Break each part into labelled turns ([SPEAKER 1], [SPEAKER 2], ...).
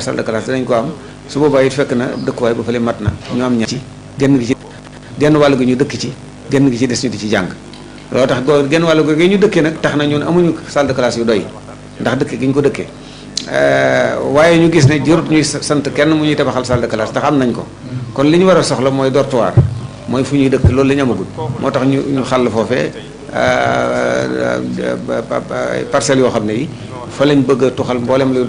[SPEAKER 1] ñaari salle de danañ ko am su boobaa it fekk na dëkkuwaay ba fële mat na ñu am ñaar ci genn gi ci genn wàll gi ñu dëkk ci genn gi ci des ñu di ci jàng loolu tax go genn wàll googu ñu dëkkee nag tax na ñun amuñu salle de yu doy ndax dëkk gi ñu ko dëkkee euh, waaye ñu gis ne jorut ñuy sant kenn mu ñuy tabaxal salle de classe ndax am nañ ko kon li ñu war a soxla mooy dortoir mooy fu ñuy dëkk loolu la ñu amagul moo tax ñu ñu xàll foofee euh, euh, parcelles yoo xam ne yi fa lañ bëgg a tuxal mboolem luy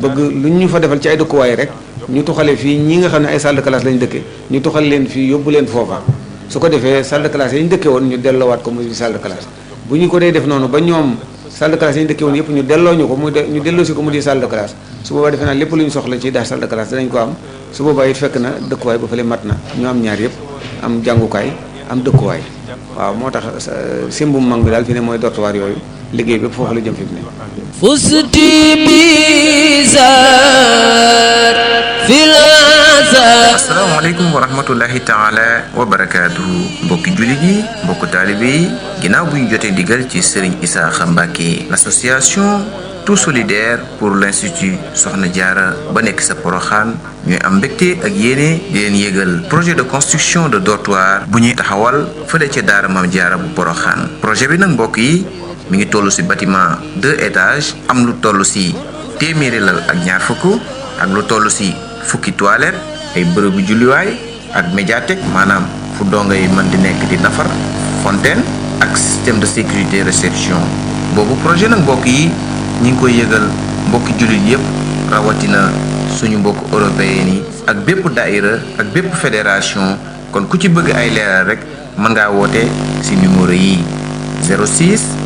[SPEAKER 1] bëgg lu ñu fa defal ci ay dëkkuwaay rek ñu tuxale fii ñi nga xam ne ay salle de classe lañ dëkke ñu tuxal leen fii yóbbu leen foofa su ko defee salle de classe yi dëkke woon ñu delloowaat ko muy salle de classe bu ñu ko dee def noonu ba ñoom salle de classe yi yëpp ñu delloo ñu ko muy ñu delloo si ko mu di salle de classe su boobaa defe naa lépp lu ñu soxla ci daal salle de classe dinañ ko am su boobaa it fekk na dëkkuwaay ba fële mat na ñu am ñaar yëpp am jàngukaay am dëkkuwaay waaw moo tax euh, simbum mag bi daal fi ne mooy dortoir yooyu liggéey bi foofu la jëm fi fusti bizar
[SPEAKER 2] fil asalaamaaleykum wa rahmatullahi taala wa barakaatuhu mbokki jullit yi mbokk taalibe yi ginnaaw bu ñu jotee digal ci Serigne Issakha Mbacké l'association tout solidaire pour l'institut Soxna Jaara ba nekk sa Poroxaan ñuy am mbégte ak yéene di leen yégal projet de construction de dortoir bu ñuy taxawal fële ca daara Maam Jaara bu Poroxaan projet bi nag mbokk yi mi ngi toll si batiment de étage am lu toll si téeméeri lal ak ñaar fukk ak lu toll si fukki toilette ay bërëbu julliwaay ak médiathèque maanaam fu dongo yi mën di nekk di nafar fontaine ak système de sécurité réception boobu projet nag mbokk yi ñu ngi koy yëgal mbokki jullit yépp rawatina suñu mbokk européen yi ak bépp daïra ak bépp fédération kon ku ci bëgg ay leeral rek mën ngaa woote ci numéro yi 06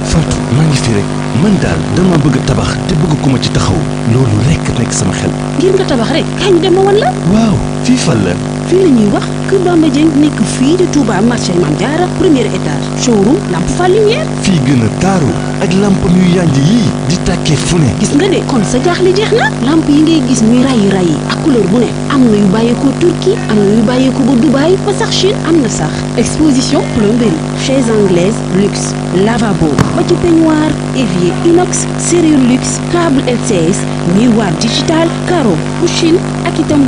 [SPEAKER 3] Fatou maa ngi fi rek man daal dama bëgg a tabax te bëgg ku ma ci taxaw loolu rek nekk sama xel.
[SPEAKER 4] ngir nga tabax rek kañ dem ma wan la.
[SPEAKER 3] waaw fii fan
[SPEAKER 4] fii la wax Kër Bamba nekk fii di Touba marché Mame Diarra premier étage showroom lamp fa
[SPEAKER 3] fii gën a taaru ak lamp yu yànj yii di tàkkee fu ne.
[SPEAKER 4] gis nga de kon sa jaaxle jeex na lamp yi ngay gis ñuy rayi rayi ak couleur bu ne am na yu bàyyeekoo Turquie am na yu bàyyeekoo ba Dubaï ba sax Chine am na sax exposition plomberie chaise anglaise luxe lavabo ba ci peignoir évier inox serrure luxe câble LCS miroir digital carreau bu Chine ak itam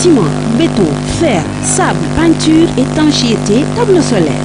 [SPEAKER 4] ciment, béton, fer, sable, peinture, étanchéité, table solaire.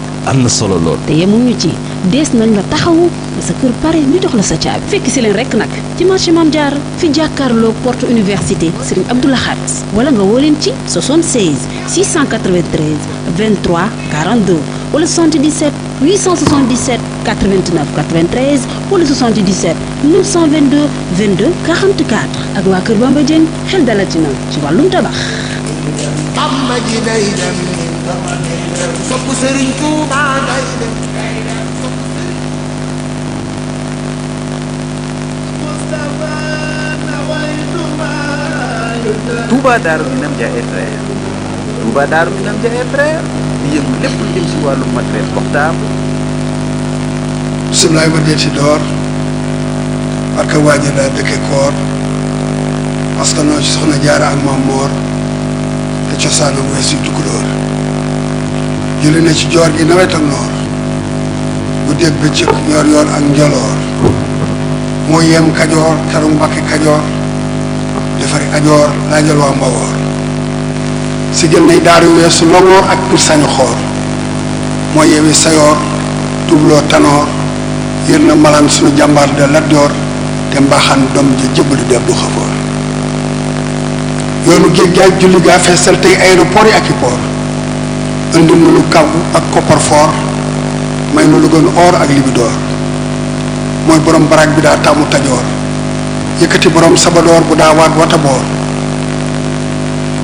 [SPEAKER 3] am na solo lool. te yemuñu ci
[SPEAKER 4] des nañ la taxawu sa kër pare ñu jox la sa caabi. fekk si leen rek nag ci marché Mame Diarra fi jàkkaarloog porte université Serigne Abdou Lahad wala nga woo leen ci 76 693 23 42 wala 77 877 89 93 wala 77 922 22 44 ak waa Kër Bamba Dieng xel dalatina ci wàllum tabax.
[SPEAKER 5] sopp Sëriñ Tuuba ngay
[SPEAKER 6] def
[SPEAKER 2] Touba Darou Minam Dia et Frères Touba Darou Minam Dia et di
[SPEAKER 5] si wàllu matériel portable bisimilaay ma dee ci door barka waaji la koor parce que noo ci soxna jaara ak maam moor te cosaanam weesu tukulóor julli na ci joor gi nawet ak noor guddi ak bëccëg yoor yoor ak njoloor moo yem kajoor taru mbakki kajoor defari ajoor laajal waa mbawoor si gën nay daaru weesu longoor ak pur sañu xoor moo yewi sayoor tubloo tanoor yër na malaan sunu jàmbaar de latjoor te mbaaxaan doom ja jëbali def du xafoor yoonu géej gaaj julli gaa feesal tey aéroport yi ak i port indil na lu ak coffre may na lu gën or ak libidoor mooy borom baraag bi daa tàmmu tajoor yëkkati borom sabadoor bu daa waat wata boor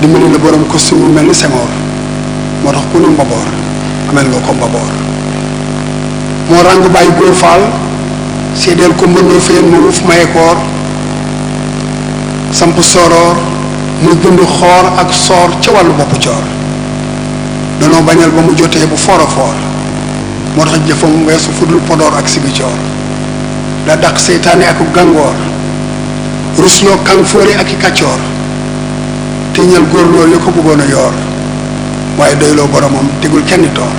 [SPEAKER 5] dimbali la borom costume bu mel ni sengoor moo tax ku mbaboor amel nga ko mbaboor moo ràng bàyyi góor faal ko mbëndoo feen mu uf maye koor samp soroor muy dund xoor ak soor ca wàllu boppu coor danoo bañal ba mu jotee bu foor a foor moo tax jëfam weesu fudul Podor ak Sigicoor da dàq seytaane ak gàngoor rusloo kànfoori ak i kàccoor te ñal góor loolu li ko bëggoon yoor waaye doyloo boromam tegul kenn toor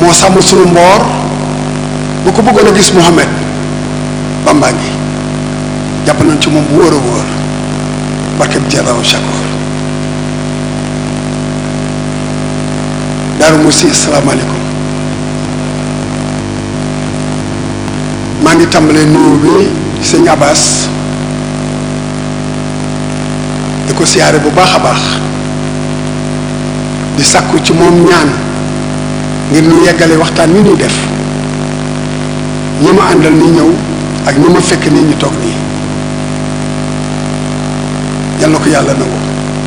[SPEAKER 5] moo sàmm sunu mboor bu ko bëggoon a gis Muhammad Bamba jàpp nañ ci moom bu wóor wóor barkeb jaraw chakoor Daaru Musi asalaamaaleykum maa ngi tàmbalee nuyoo bi ci sëñ Abbas di ko siyaare bu baax a baax di sàkku ci moom ñaan ngir ñu yeggale waxtaan wi ñuy def ñi ma àndal ni ñëw ak ñi ma fekk ni ñu toog nii yal ko yàlla na nangu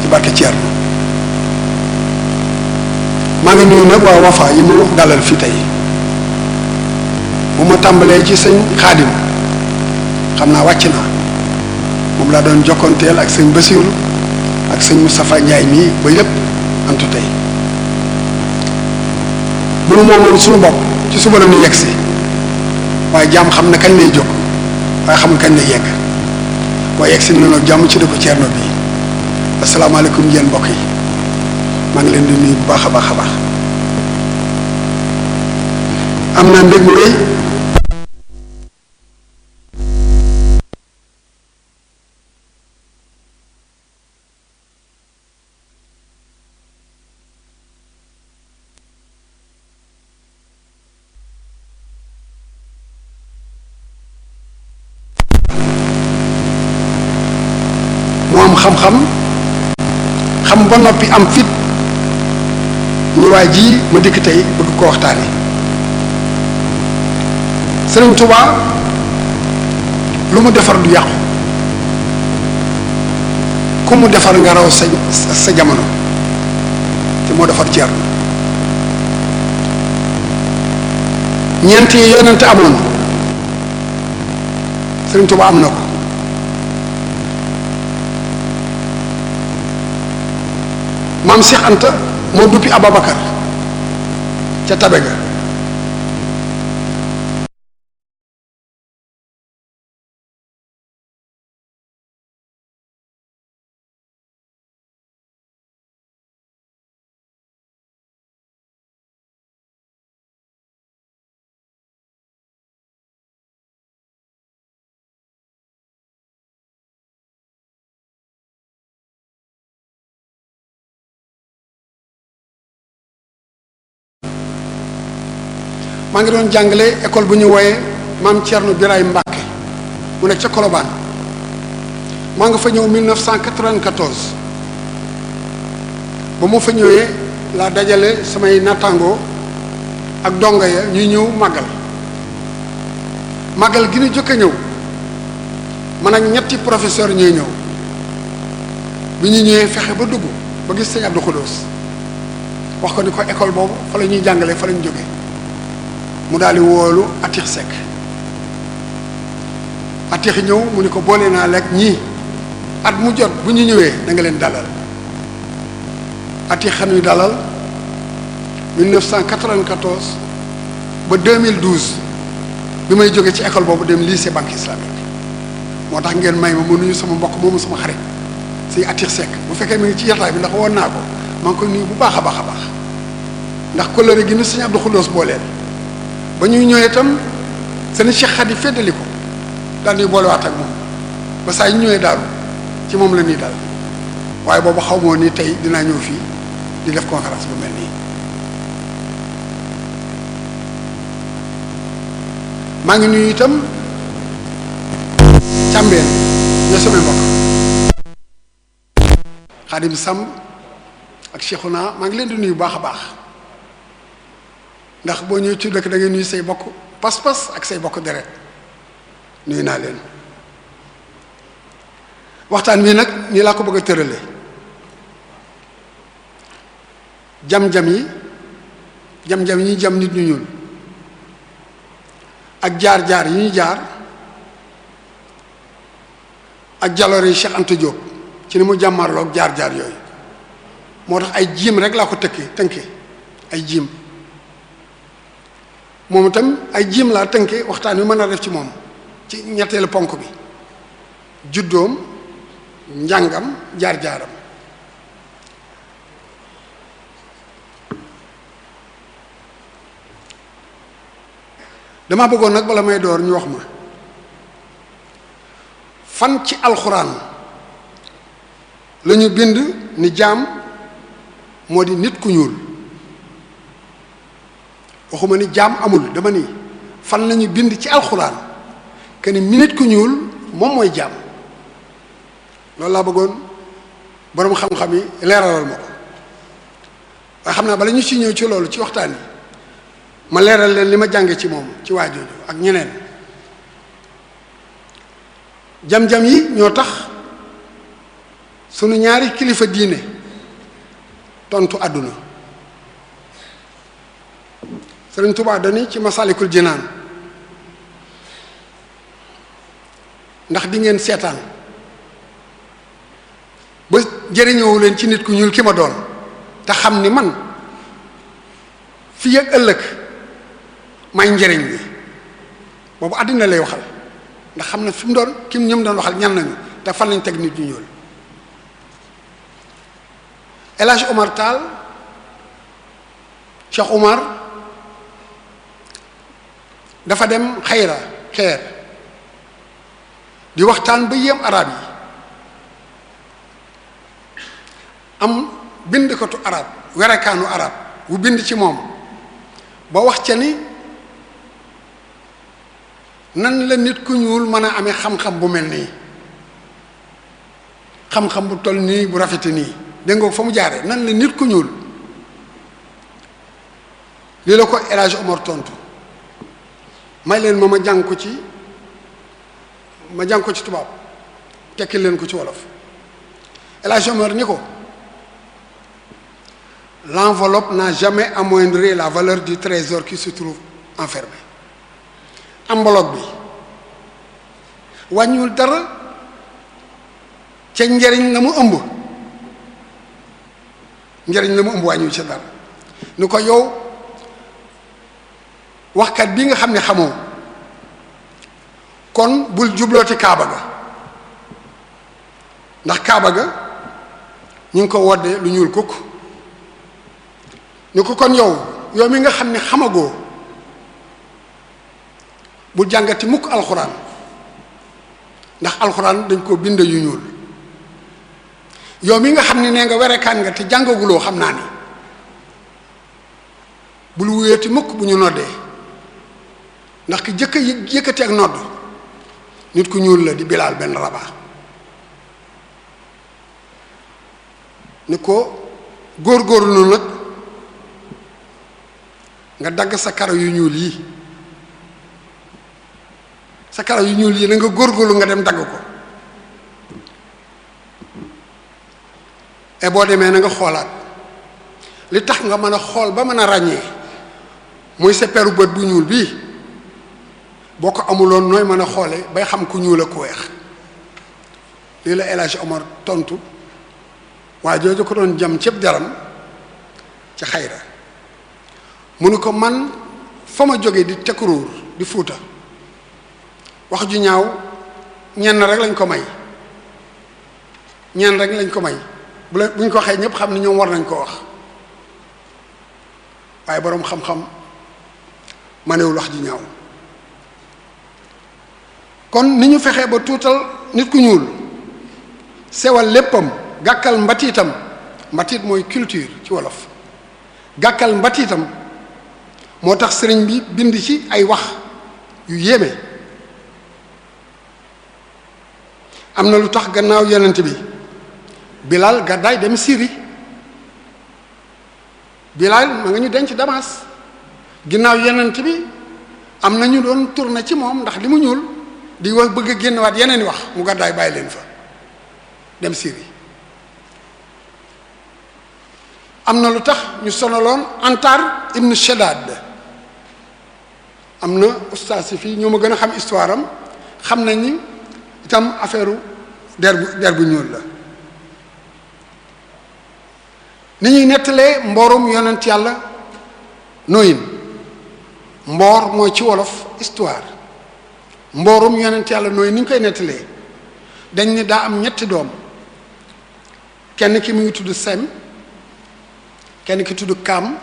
[SPEAKER 5] ci barke Thierno. maa ngi nuyu nag waa Wafa yi mu dalal fi tey bu ma tàmbalee ci sëñ xaadim xam naa wàcc na moom laa doon jokkonteel ak sëñ Basiru ak sëñ Moustapha Ndiaye mii ba yépp antu tey mënu moom moom suñu bopp ci suba la ñu yegg si waaye jaam xam na kañ lay jóg waaye xamul kañ lay yegg waaye yegg si na jàmm ci dëkku Ceerno bi asalaamaaleykum yéen mbokk yi maa leen di nuyu bu baax a
[SPEAKER 6] baax a baax am naa mbég mu rëy
[SPEAKER 5] mu am xam-xam xam ba noppi am fit ñëwaay jii ma dikk tey bëgg ko waxtaane Sëriñ Tuubaa lu mu defar du yàqu ku mu defar nga raw sa sa jamono te moo defar ceer ñeent yi yonent amoon Sëriñ Tuubaa am na ko maam Cheikh moo duppi
[SPEAKER 6] Ababacar ca tabe ga maa ngi doon jàngale école bu ñu wooyee
[SPEAKER 5] maam Thierno Biray Mbacke mu nekk ca Colobane maa nga fa ñëw 1994 ba mu fa ñëwee laa dajale samay nattango ak donga ya ñuy ñëw màggal màggal gi ñu jëkk a ñëw man ak ñetti professeur ñuy ñëw bi ñu ñëwee fexe ba dugg ba gis sëñ Abdou Khoudous wax ko ni ko école boobu fa la ñuy jàngale fa la ñu mu daal di woolu atix sekk atix ñëw mu ni ko boole naa lekk ñii at mu jot bu ñu ñëwee danga leen dalal atix yu dalal 1994 ba 2012 bi may jóge ci ecole boobu dem lycée banque islamique moo tax ngeen may ma mu nuyu sama mbokk moomu sama xarit si atix sekk bu fekkee mi ngi ci yataay bi ndax woon naa ko maa ngi koy nuyu bu baax a baax a baax ndax kóllëre gi ni sëñ Abdou Xulóos booleel ba ñuy ñëwee itam seen Cheikh Xadi feddali ko daal ñuy boolewaat ak moom ba saa ñu ñëwee daal ci moom la ñuy dal waaye boobu xaw moo ni tey dinaa ñëw fii di def conférence bu mel nii maa ngi nuyu itam càmbeen ñoo sama mbokk Xaadim Samb ak Cheikhouna maa ngi leen di nuyu bu baax a baax ndax boo ñëwee ci dëkk da ngay nuyu say bokk pas-pas ak say bokk deret nuyu naa leen waxtaan wi nag nii laa ko bëgg a tërale jam-jam yi jam-jam jam nit ñu ñuul ak jaar-jaar yi ñuy jaar ak jaloor yi Cheikh Anta ci ni mu jàmmarloog jaar-jaar yooyu moo tax ay jiim rek laa ko tëkkee tënkee ay jiim moom itam ay jiim laa tënke waxtaan wi mën a def ci moom ci ñetteelu ponk bi juddoom njàngam jaar-jaaram dama bëggoon nag bala may door ñu wax ma fan ci alxuraan lañu bind ni jaam moo di nit ku ñuul waxuma ni jaam amul dama ni fan lañu bind ci alxuraan que ni minute ku ñuul moom mooy jaam loolu laa bëggoon boroom xam-xam yi leeralal ma ko waaye xam naa bala ñu ci ñëw ci loolu ci waxtaan yi ma leeral leen li ma jànge ci moom ci waa jooju ak ñeneen jam-jam yi ñoo tax sunu ñaari kilifa diine tontu àdduna Sëriñ Tuubaa dani ci Masalikul Jinaan ndax di ngeen seetaan ba jëriñoowu leen ci nit ku ñuul ki ma doon te xam ni man fiy ak ëllëg may njëriñ bi boobu àddina lay waxal ndax xam na fi mu doon kim ñoom doon waxal ñan nañu te fan lañ teg nit ñu ñuul El Hadj Omar Tall Cheikh Omar dafa dem xayra xeer di waxtaan ba yéem arab yi am bindkatu arab werekaanu arab wu bind ci moom ba wax ca ni nan la nit ku ñuul mën a ame xam-xam bu mel nii xam-xam bu toll nii bu rafete nii dégg fa mu jaare nan la nit ku ñuul li la ko El Hadj tontu may leen ma ma jàng ko ci ma jàng ko ci tubaab tekki leen ko ci wolof El Hadj ni ko l'enveloppe n'a jamais amoindri la valeur du trésor qui se trouve enfermé enveloppe bi wàññiwul dara ca njariñ la mu ëmb njariñ la mu ëmb wàññiwul ca dara ni ko yow waxkat bii nga xam ne xamoo kon bul jublooti kaaba ga ndax kaaba ga ñu ngi ko wodde lu ñuul kukk ñu ko kon yow yow mi nga xam ne xamagoo bu jàngati mukk alxuraan ndax alxuraan dañ koo bind yu ñuul yow mi nga xam ne nga werekaan nga te jàngaguloo xam naa ni bul wuyeeti mukk bu ñu noddee ndax ki yi yëkkati ak nodd nit ku ñuul la di bilaal benn rabaa ni ko góor-góorlu noonu nag nga dagg sa karaw yu ñuul yii sa karaw yu ñuul yi na nga góorlu nga dem dagg ko e boo demee na nga xoolaat li tax nga mën a xool ba mën a ràññee muy sa peru bu ñuul bii boo ko amuloon nooy mën a xoole bay xam ku ñuul ak ku weex lii la El Hadj Omar tontu waa jooju ko doon jam cëb jaram ci xayra mu ne ko man fa ma jóge di tekkuruur di fuuta wax ju ñaaw ñenn rek lañ ko may ñeen rek lañ ko may bu la bu ko waxee ñépp xam ni ñoom war nañ koo wax waaye boroom xam-xam manewul wax ju ñaaw kon ni ñu fexee ba tuutal nit ku ñuul sewal léppam gàkkal mbatiitam mbatiit mooy culture ci wolof gàkkal mbatiitam moo tax sëriñ bi bind ci ay wax yu yéeme am na lu tax gannaaw yonent bi Bilal gàddaay dem Syrie Bilal ma nga ñu denc Damas ginnaaw yonent bi am na ñu doon tourné ci moom ndax li mu ñuul di wax bëgg a génn waat yeneen wax mu gàddaay bàyyi leen fa dem Syrie am na lu tax ñu sonaloon Antar ibn Shaddad am na ustaas fii ñoo ma gën a xam histoire am xam nañ ni itam affaire der bu der bu ñuul la ni ñuy nettalee mboorum yonent yàlla nooyin mboor mooy ci wolof histoire mboorum yonent yàlla nooy ni ñu koy nettalee dañ ne daa am ñetti doom kenn ki mu ngi tudd sem kenn ki tudd kaam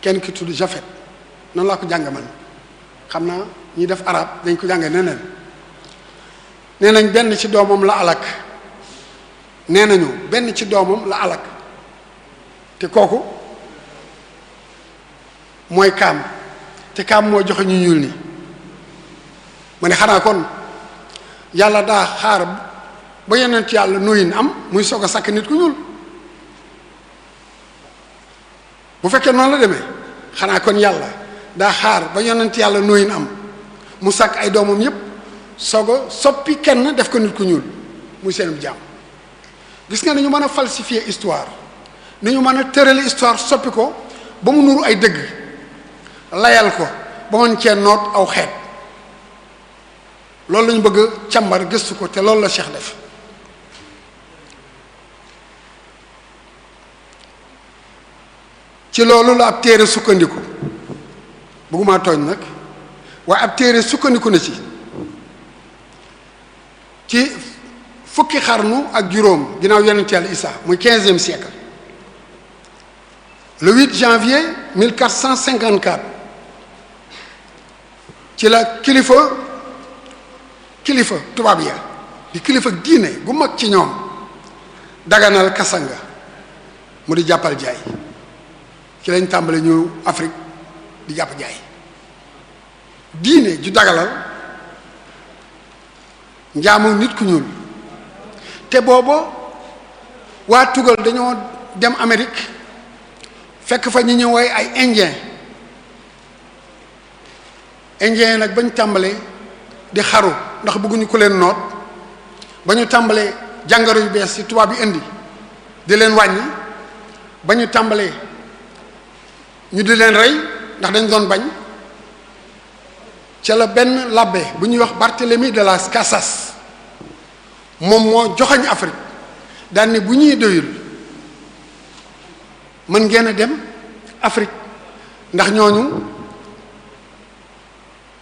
[SPEAKER 5] kenn ki tudd jafet noonu laa ko jàng man xam naa ñi def arab dañ ko jànge neneen nee nañ benn ci doomam la alak nee nañu benn ci doomam la alak te kooku mooy kaam te kaam mooy joxe ñu ñuul ni ma ne xanaa kon yàlla daa xaar ba yeneen ci yàlla nooyin am muy soog a sàkk nit ku ñuul bu fekkee noonu la demee xanaa kon yàlla daa xaar ba yonent yàlla nooyin am mu sàkk ay doomam yépp soog a soppi kenn def ko nit ku ñuul muy seenub jaam gis nga ni ñu mën a falsifier histoire ni ñu mën a tërale histoire soppi ko ba mu nuru ay dëgg layal ko ba mën cee noot aw xeet loolu lañu bëgg càmbar gëstu ko te loolu la Cheikh def ci loolu la ab téere sukkandiku bëgguma tooñ nag waaye ab téere sukkandiku na ci ci fukki xarnu ak juróom ginnaaw yonent Yàlla Isaa muy quinzième siècle le 8 janvier 1454 ci la kilifa kilifa tubaab ya di kilifa diine gu mag ci ñoom daganal kasanga mu di jàppal jaay ci lañ tàmbali ñu Afrique di jàpp jaay diine ju dagalal njaamu nit ku ñuul te booba waa tugal dañoo dem Amérique fekk fa ñu ñëw ay indien indien nag bañ tàmbalee di xaru ndax bëgguñu ku leen noot ba ñu tàmbalee jàngoro yu bees ci tubaab yi indi di leen wàññi ba ñu tàmbalee ñu di leen rey ndax dañ doon bañ ca la benn labbe bu ñuy wax Barthélemy de las Casas moom moo joxañ Afrique daan bu ñuy doyul mën ngeen a dem Afrique ndax ñooñu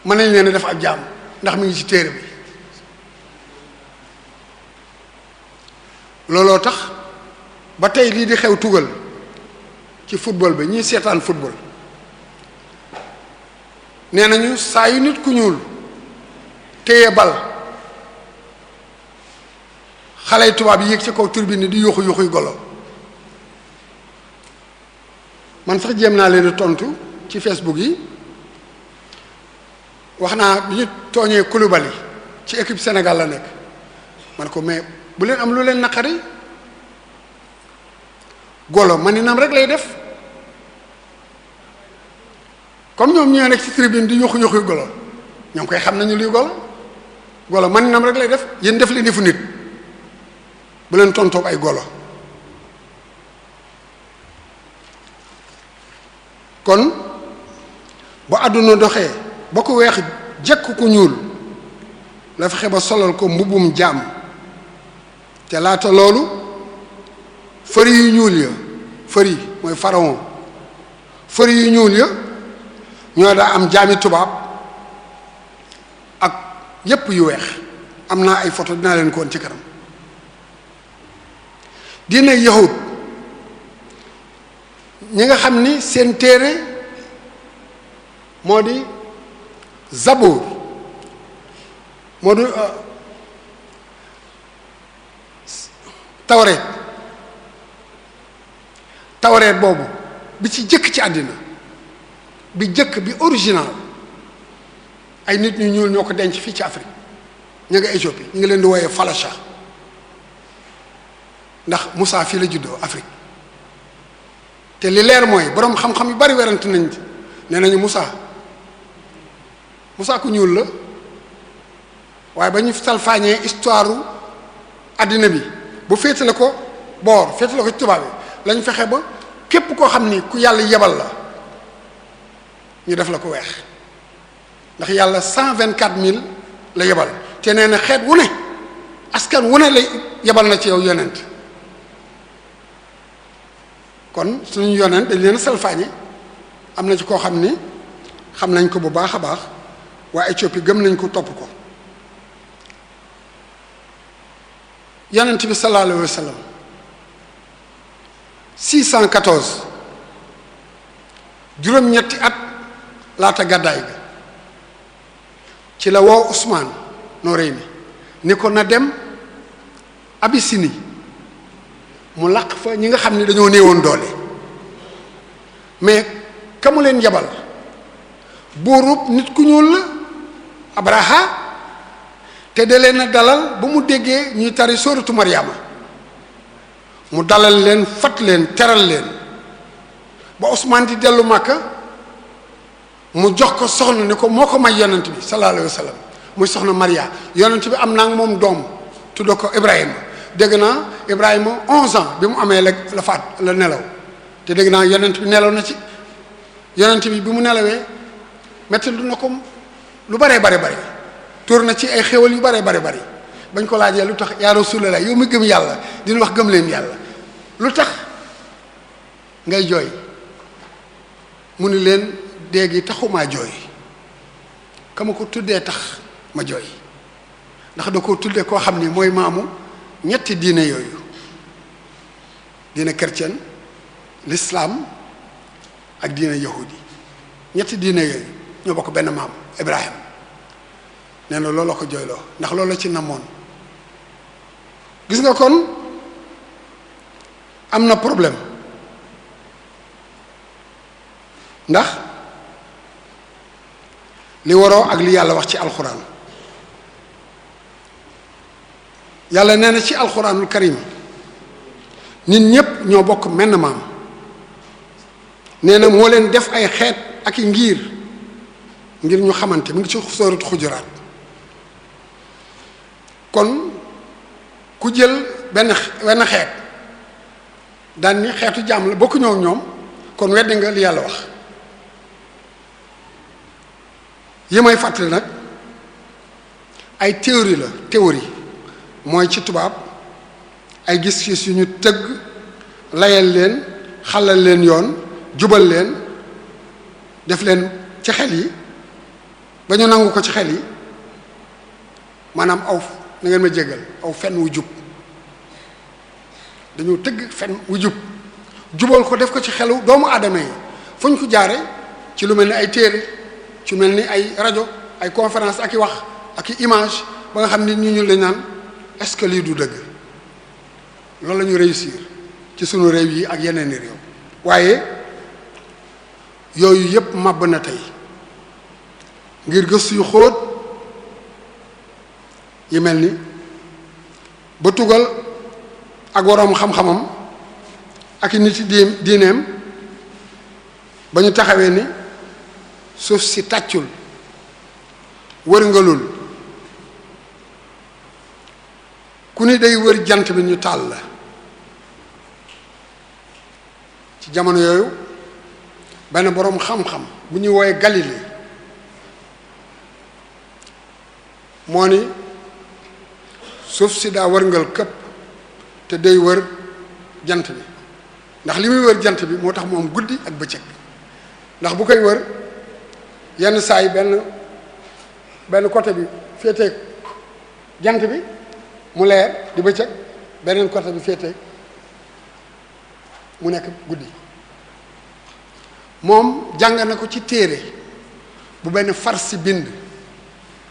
[SPEAKER 5] mën nañ leen a def ab jaam ndax mi ngi ci téere bi looloo tax ba tey lii di xew tugal ci football bi ñiy seetaan football nee nañu saa yu nit ku ñuul téye bal xale yu tubaab yi yéeg ci kaw turbine di yuuxu yuuxuy golo man sax jéem naa leen tontu ci Facebook yi wax naa bi ñu tooñee Koulibaly ci équipe Sénégal la nekk ma ne ko mais bu leen am lu leen naqari golo maninam rek lay def comme ñoom ñoo nekk ci tribune di yuxu yuxu golo ñoom koy xam nañu luy golo golo maninam rek lay def yéen def li defu nit bu leen tontoog ay golo kon bu àdduna doxee ba ku weex jëkk ko ñuul la xeba solal ko mbubbum jàmm te laata loolu fëri yu ñuul ya fëri mooy pharaon fëri yu ñuul ya ñoo daa am jaami tubaab ak yépp yu weex am naa ay photo dinaa leen ko ci kanam diine yahud ñi nga xam ni seen téere moo di zaboor moo du euh, tawreet tawreet boobu bi ci jëkk ci àddina bi jëkk bi original ay nit ñu ñuul ñoo ko denc fii ci Afrique ñu nga Éthiopie ñu ngi leen di wooyee Falasha ndax musaa fii la juddoo Afrique te li leer mooy boroom xam-xam yu bari werante nañ ci nañu Moussa Moussa ku ñuul la waaye ba ñu salfaañee histoire àddina bi bu féetale ko boor féetale ko ci tubaab bi lañ fexe ba képp koo xam ni ku yàlla yebal la ñu def la ko weex ndax yàlla cent vingt quatre mille la yebal te nee xeet wu ne askan wu ne la yebal na ci yow yonent kon suñu yonent dañ leen salfaañe am na ci koo xam ni xam nañ ko bu baax a baax waa Éthiopie gëm nañ ko topp ko yonent bi sallallahu alayhi wa juróom-ñetti at laata gàddaay bi ci la woo Ousmane Noreyni ni ko na dem Abyssinie mu laq fa ñi nga xam ni dañoo néewoon doole mais ka mu leen yabal buurub nit ku ñuul abraha te da leen a dalal ba mu déggee ñuy tari sóoratu maryaama mu dalal leen fat leen teral leen ba Usmaan di dellu makk mu jox ko soxna ni ko moo ko may yonent bi sallallahu alayhi wa sallam muy soxna Maria yonent bi am naa moom doom tuddoo ko ibrahim dégg naa Ibrahima onze ans bi mu amee la la faat la nelaw te dégg naa yonent bi nelaw na ci yonent bi bi mu nelawee metti lu na ko lu baree bare bari tóor na ci ay xéwal yu baree bare bari bañ ko laajee lu tax yaa rasulallah yow mi gëm yàlla dina wax gëm leen yàlla lu tax ngay jooy mu ni leen dee gi taxumaa jooy kama ko tuddee tax ma jooy ndax da ko tuddee koo xam ni mooy maamu ñetti diine yooyu diine chrétien lislaam ak diine yahudi ñetti diine yooyu ñoo bokk benn maam Ibrahim nee na looloo ko jooyloo ndax loolu la ci namoon gis nga kon am na problème ndax li waroo ak li yàlla wax ci alxuraan yàlla nee na ci alxuraanul karim nit ñépp ñoo bokk menn maam nee na moo leen def ay xeet ak i ngiir ngir ñu xamante mi ngi ci sóoratu xujuraat kon ku jël benn wenn xeet daan xeetu jaam la bokkuñoo ak ñoom kon weddi yàlla wax yi may fàttali nag ay théorie la théorie mooy ci tubaab ay gis-gis yu ñu tëgg layal leen xalal leen yoon jubal leen def leen ci xel yi ba ñu nangu ko ci xel yi maanaam aw na ngeen ma jéggal aw fen wu jub dañoo tëgg fen wu jub jubal ko def ko ci xelu doomu aadama yi fuñ ko jaare ci lu mel ni ay téere ci mel ni ay rajo ay conférence ak i wax ak i image ba nga xam ni ñu ñu lañ naan est-ce que lii du dëgg loolu la réussir ci sunu réew yi ak yeneen i réew waaye yooyu yépp màbb na tey ngir gëstu yu xóot yi mel ni ba tugal ak waroom xam-xamam ak i nit ci diineem ba ñu taxawee ni suuf si tàccul wërngalul ku ni day wër jant bi ñu taal la ci jamono yooyu benn boroom xam-xam bu ñuy wooye Galilée moo ni suuf si daa wërngal këpp te day wër jant bi ndax li muy wër jant bi moo tax mu am guddi ak bëccëg ndax bu koy wër yenn saa yi benn benn côté bi féetee jant bi mu leer di bëccëg beneen côté bi féetee mu nekk guddi moom jàng na ko ci téere bu benn far si bind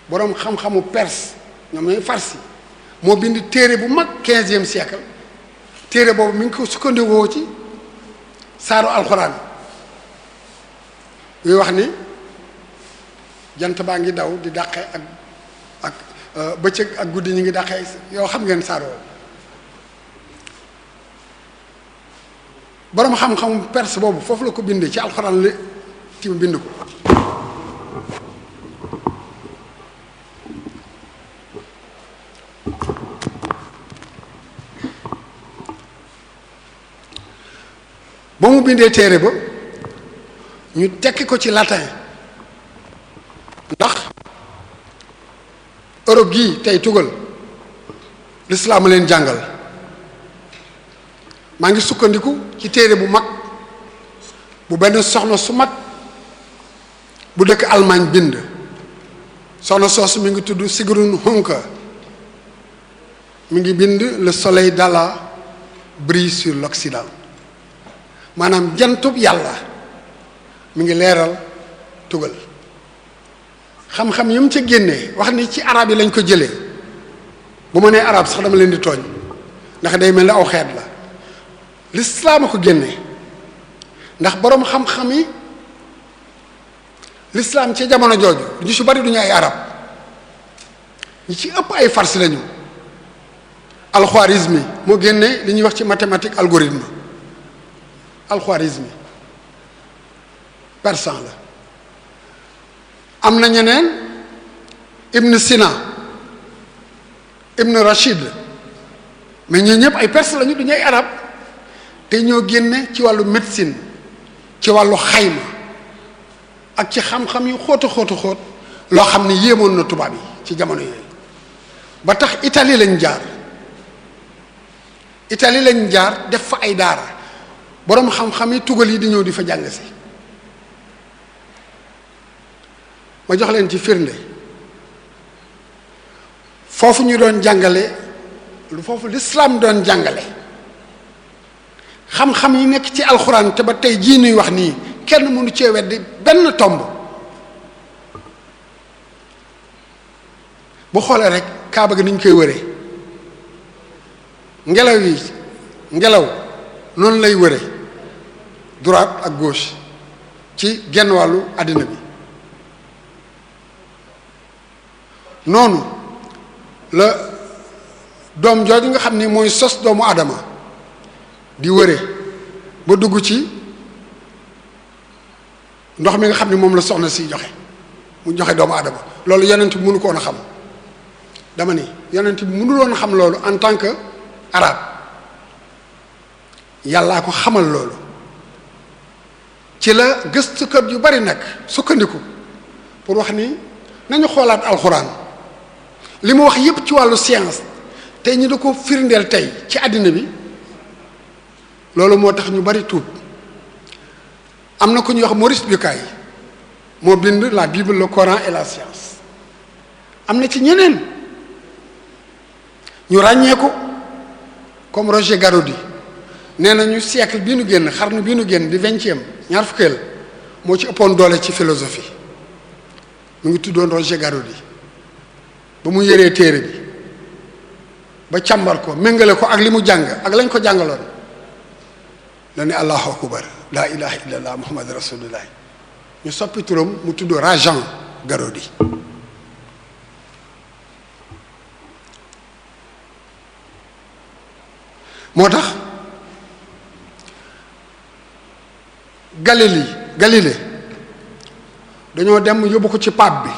[SPEAKER 5] boroom xam-xamu perse ñoom ñooy farsi moo bind téere bu mag quinzième siècle téere boobu mi ngi ko sukkandikoo ci saaro alxuraan yuy wax ni jant baa ngi daw di dàqe ak ak euh, bëccëg ak guddi ñi ngi dàqee yow xam ngeen saar boroom xam-xamu perse boobu foofu la ko bindee ci alxuraan la ci bind ko ba mu bindee téere ba ñu tekk ko ci latin ndax Europe gi tey tugal lislaam leen jàngal maa ngi sukkandiku ci téere bu mag bu benn soxna su mag bu dëkk Allemagne bind soxna soosu mi ngi tudd Sigrun Hunke mu ngi bind le soleil dala brille sur l'Occident maanaam jantub yàlla mi ngi leeral tugal xam-xam yi mu ca génnee wax ni ci araab yi lañ ko jëlee bu ma nee arab sax dama leen di tooñ ndax day mel ni aw xeet la lislaam a ko génnee ndax boroom xam-xam yi lislaam ci jamono jooju ñu si bari duñu ay arab ñi ci ëpp ay farsi lañu alxwarizmi moo génnee li ñuy wax ci mathématique algorithme alxwarizmi persan la am na ñeneen ibn sina ibn rachid mais ñoo ñëpp ay perse lañu ñu ay arab te ñoo génne ci wàllu médecine ci wàllu xayma ak ci xam-xam yu xóotu xóotu xóot loo xam ne yéemoon na tubaab yi ci jamono yooyu ba tax itali lañ jaar Italie lañ jaar def fa ay daara boroom xam-xam yi tugal yi di ñëw di fa jàng si ma jox leen ci firnde foofu ñu doon jàngale lu foofu lislaam doon jàngale xam-xam yi nekk ci alxuraan te ba tey jii nuy wax nii kenn mënu cee weddi benn tomb bu xoolee rek kaaba gi niñ koy wëree ngelaw yi ngelaw noonu lay wëre droite ak gauche ci genn wàllu àddina bi noonu la doom jooju nga xam ni mooy sos doomu Adama di wëre ba dugg ci ndox mi nga xam ni moom la soxna si joxe mu joxe doomu Adama loolu yonent bi mënu ko a xam dama ni yonent bi mënu woon xam loolu en tant que arabe yàllaa ko xamal loolu ci la gëstukat yu bari nag sukkandiku pour wax ni nañu xoolaat alxuraan li mu wax yépp ci wàllu science te ñu di ko firndeel tey ci àddina bi loolu moo tax ñu bari tuub am na ku ñuy wax Maurice Bucaille moo bind la Bible le Coran et la science am na ci ñeneen ñu ràññee ko comme Roger Garaudy nee nañu siècle bii nu génn xarnu bii nu génn di vingtième ñaar fukkeel moo ci ëppoon doole ci philosophie mu ngi tuddoon Roger Garaudy ba mu yéree téere bi ba càmbar ko méngale ko ak li mu jàng ak lañ ko jàngaloon la ne allahu akbar laa ilaha illallah muhammad rasulullah ñu soppi turam mu tudd Rajan Garaudy moo tax galili galile dañoo dem yóbbu ko ci pape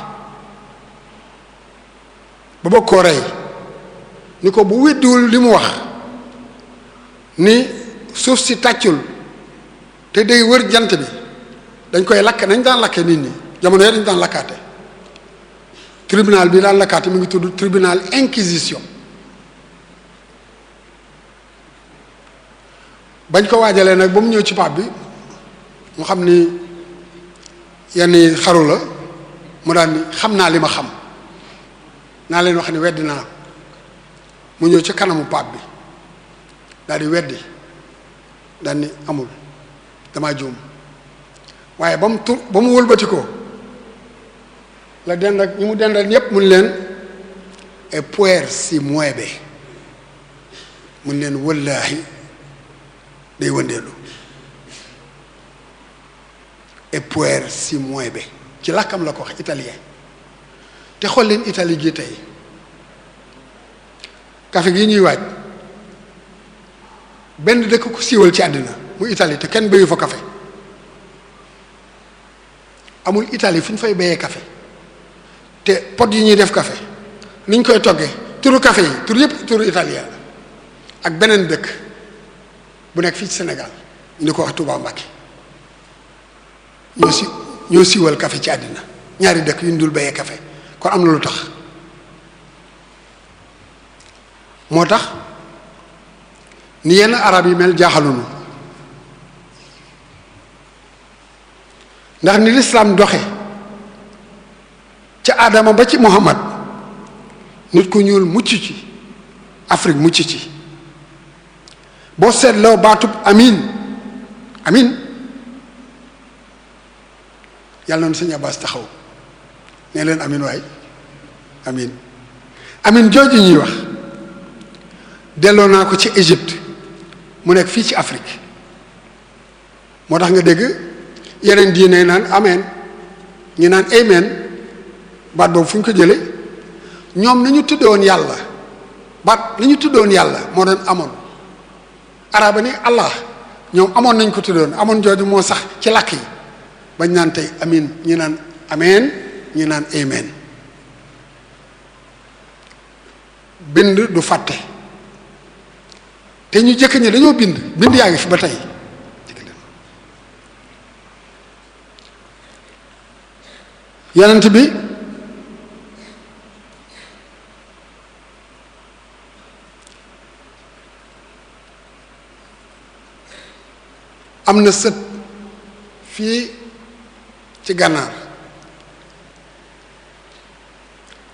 [SPEAKER 5] bi ba bëgg koo rey ni ko bu weddiwul li mu wax ni suuf si tàccul te day wër jant bi dañ koy lakk nañ daan lakkee nit ñi jamono yee dañ daan lakkaate tribunal bi daan lakkaate mu ngi tudd tribunal inquisition bañ ko waajalee nag ba mu ñëw ci pape bi mu xam ni yenn yi xaru la mu daan xam naa li ma xam naa leen wax ni weddi naa mu ñëw ci kanamu paap bi daal di weddi daal ni amul damaa juum waaye ba mu tur ba mu wëlbatikoo la dend ñu mu dendal ñépp mun leen e puer si muebe mun leen wallaahi day wëndeelu e puer si moins ci làkkam la ko wax italien te xool leen Italie gi tey kafe gi ñuy waaj benn dëkk ku siiwal ci àddina mu Italie te kenn béyu fa café amul Italie fu ñu fay béyee kafe te pot yi ñuy def kafe ni ñu koy toggee turu café yi turu yëpp turu italien la ak beneen dëkk bu nekk fii ci Sénégal ñu ko wax Touba Mbacké ñoo si ñoo siiwal café ci àddina ñaari dëkk yu ñu dul béyee café kon am na lu tax moo tax ni yenn arab yi mel jaaxalunu ndax ni lislaam doxe ca aadama ba ci muhammad nit ku ñuul mucc ci afrique mucc ci boo seetloo baatub amin amin yàlla noonu sëñ Abbas taxaw ne leen amin waay amin amin jooju ñuy wax delloo naa ko ci Égypte mu nekk fii ci Afrique moo tax nga dégg yeneen diine naan amen ñu naan amen baat boobu fu ñu ko jële ñoom la ñu woon yàlla baat la ñu woon yàlla moo doon amoon araba ni allah ñoom amoon nañ ko tuddoon amoon jooju moo sax ci làkk yi bañ naan tey amin ñi naan ameen ñi naan amen bind du fàtte te ñu jëkk ñi dañoo bind bind yaa ngi fi ba tey yonent bi am na sët fii ci gànnaar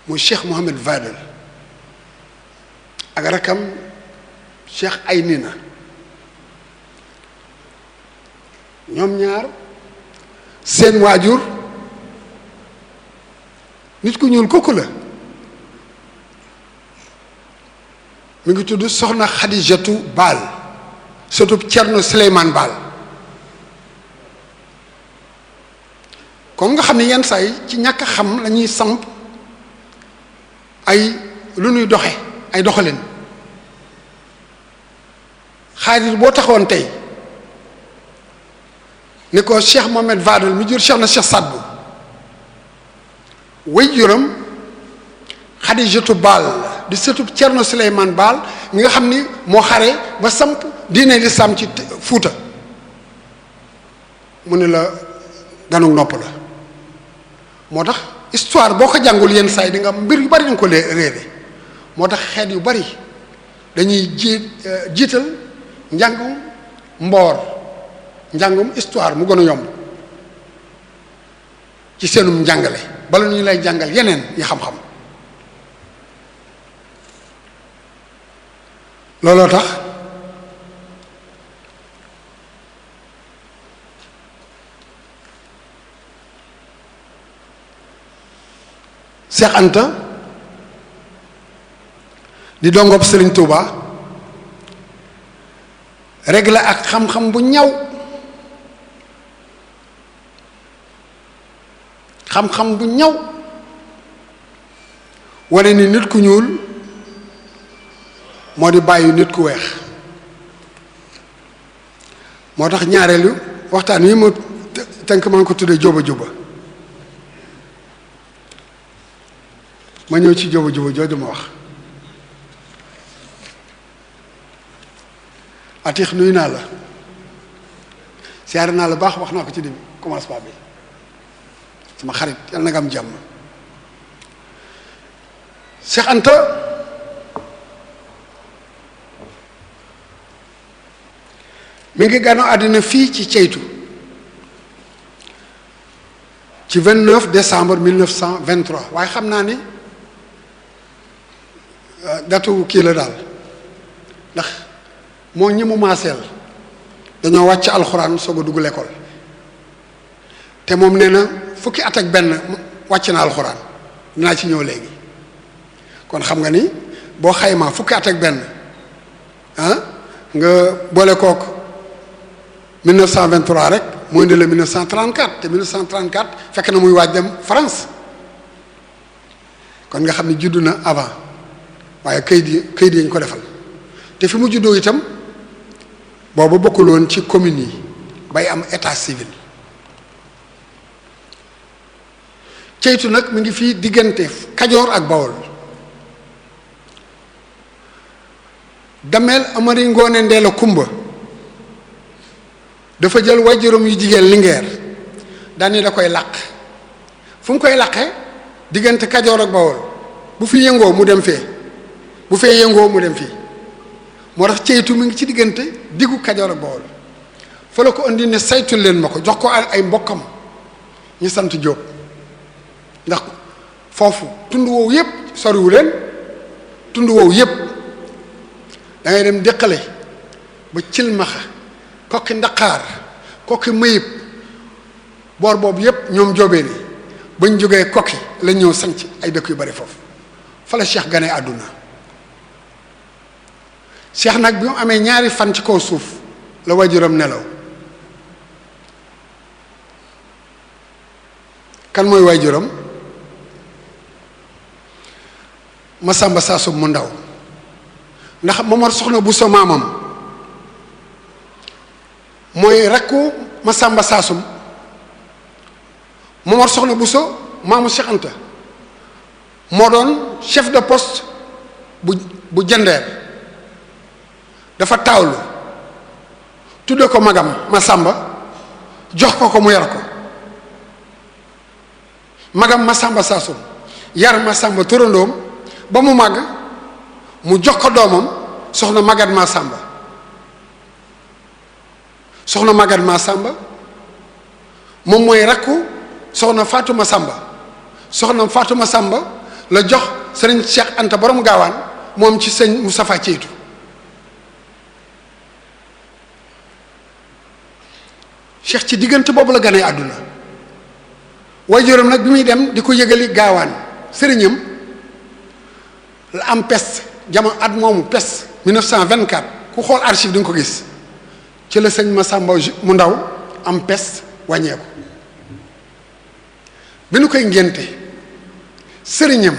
[SPEAKER 5] mu cheikh Mohamed Vadel ak rakam ay Aynina ñoom ñaar seen waajur nit ku ñuul kooku la mi ngi tudd soxna Xadijatu Baal surtout Cerno Suleymaan Baal comme nga xam ne yenn saa ci ñàkk xam lañuy ñuy samp ay lu nuy doxe ay doxalin xaadir boo taxoon tey ni ko Cheikh Mohamed Vadel mi jur Cheikh na Cheikh Sadbu way juram Xadijatu Baal di sëtub Cerno Suleymaan Baal mi nga xam ni moo xare ba samp diine lislaam ci Fuuta mu ne la ganug nopp la moo tax histoire boo ko jàngul yenn saa yi di mbir yu bari ñu ko réere moo tax xeet yu bari dañuy jiit euh, jiital njàngum mboor njàngum histoire mu gën a yomb ci seenum njàngale bala ñu lay jàngal yeneen yi xam-xam looloo tax Seex di dongob Sëriñ Tuuba rek ak xam-xam bu ñaw xam-xam bu ñaw wane ni nit ku ñuul moo di bàyyi nit ku weex moo tax ñaareelu waxtaan wi ma tenk maa ngi ko tuddee jóoba jóoba ma ñëw ci jëw jëw jooju ma wax atix nuyu naa la siyaare naa la baax wax naa ko ci début commencement bi sama xarit yàlla na nga am jàmm Cheikh Anta ngi gànnaaw àddina fii ci ceytu ci 29 décembre 1923 waaye xam naa ni datu euh, kii la daal ndax moo ñi mu maaseel dañoo wàcc alxuraan soog a dugg l'école te moom nee na fukki at ak benn wàcc na alxuraan dinaa ci ñëw léegi kon xam nga ni boo xaymaa fukki at ak benn ah nga boole kook 1923 rek mu indi la 1934 te 1934 fekk na muy waaj dem France kon nga xam ne juddu na avant waaye kayit yi kayit yi ñu ko defal te fi mu juddoo itam boobu bokkuloon ci communes yi bay am état civil ceytu nag mu ngi fii diggante kajoor ak bawol dameel amari ngoone ndeel kumba dafa jël waajuram yu jigéen lingeer daani da koy làq fu mu koy làqe diggante kajoor ak bawol bu fi yëngoo mu dem fee bu fee yëngoo mu dem fii moo tax ceytu mi ngi ci diggante diggu Kajoor ak Bawol fa la ko indi ne saytul leen ma ko jox ko ay mbokkam ñu sant Jóob ndax foofu tund woowu yépp soriwu leen tund woowu yépp da ngay dem déqale ba cilmaxa kokki ndaqaar kokki mayib boor boobu yépp ñoom joobee ni bañ jógee kokki la ñëw sanc ay dëkk yu bari foofu fa la Cheikh gane àdduna Cheikh nag bi mu amee ñaari fan ci kaw suuf la waajuram nelaw kan mooy waajuram Masamba Saasu mu ndaw ndax Momar Soxna Bousso maamam mooy rakku Masamba Soxna Bousso maamu Cheikh Anta moo doon chef de poste bu bu Jandeer dafa taawlu tudde ko magam ma sàmba jox ko ko mu yar ko magam ma sàmba saasum yar ma sàmba turandoom ba mu màgg mu jox ko doomam soxna magat ma sàmba soxna magat ma sàmba moom mooy rakku soxna ma sàmba soxna faatu ma sàmba la jox sëriñ Cheikh Anta borom gaawaan moom ci sëñ Moustapha Ceytu cheikh ci diggante boobu la ganee àdduna waajuram nag bi muy dem di ko yëgali gaawaan sëriñam la am pes jamono at moomu peste 1924 ku xool archive di nga ko gis ci la sëñ Massamba mu ndaw am peste wàññeeku bi nu koy ngénte sëriñam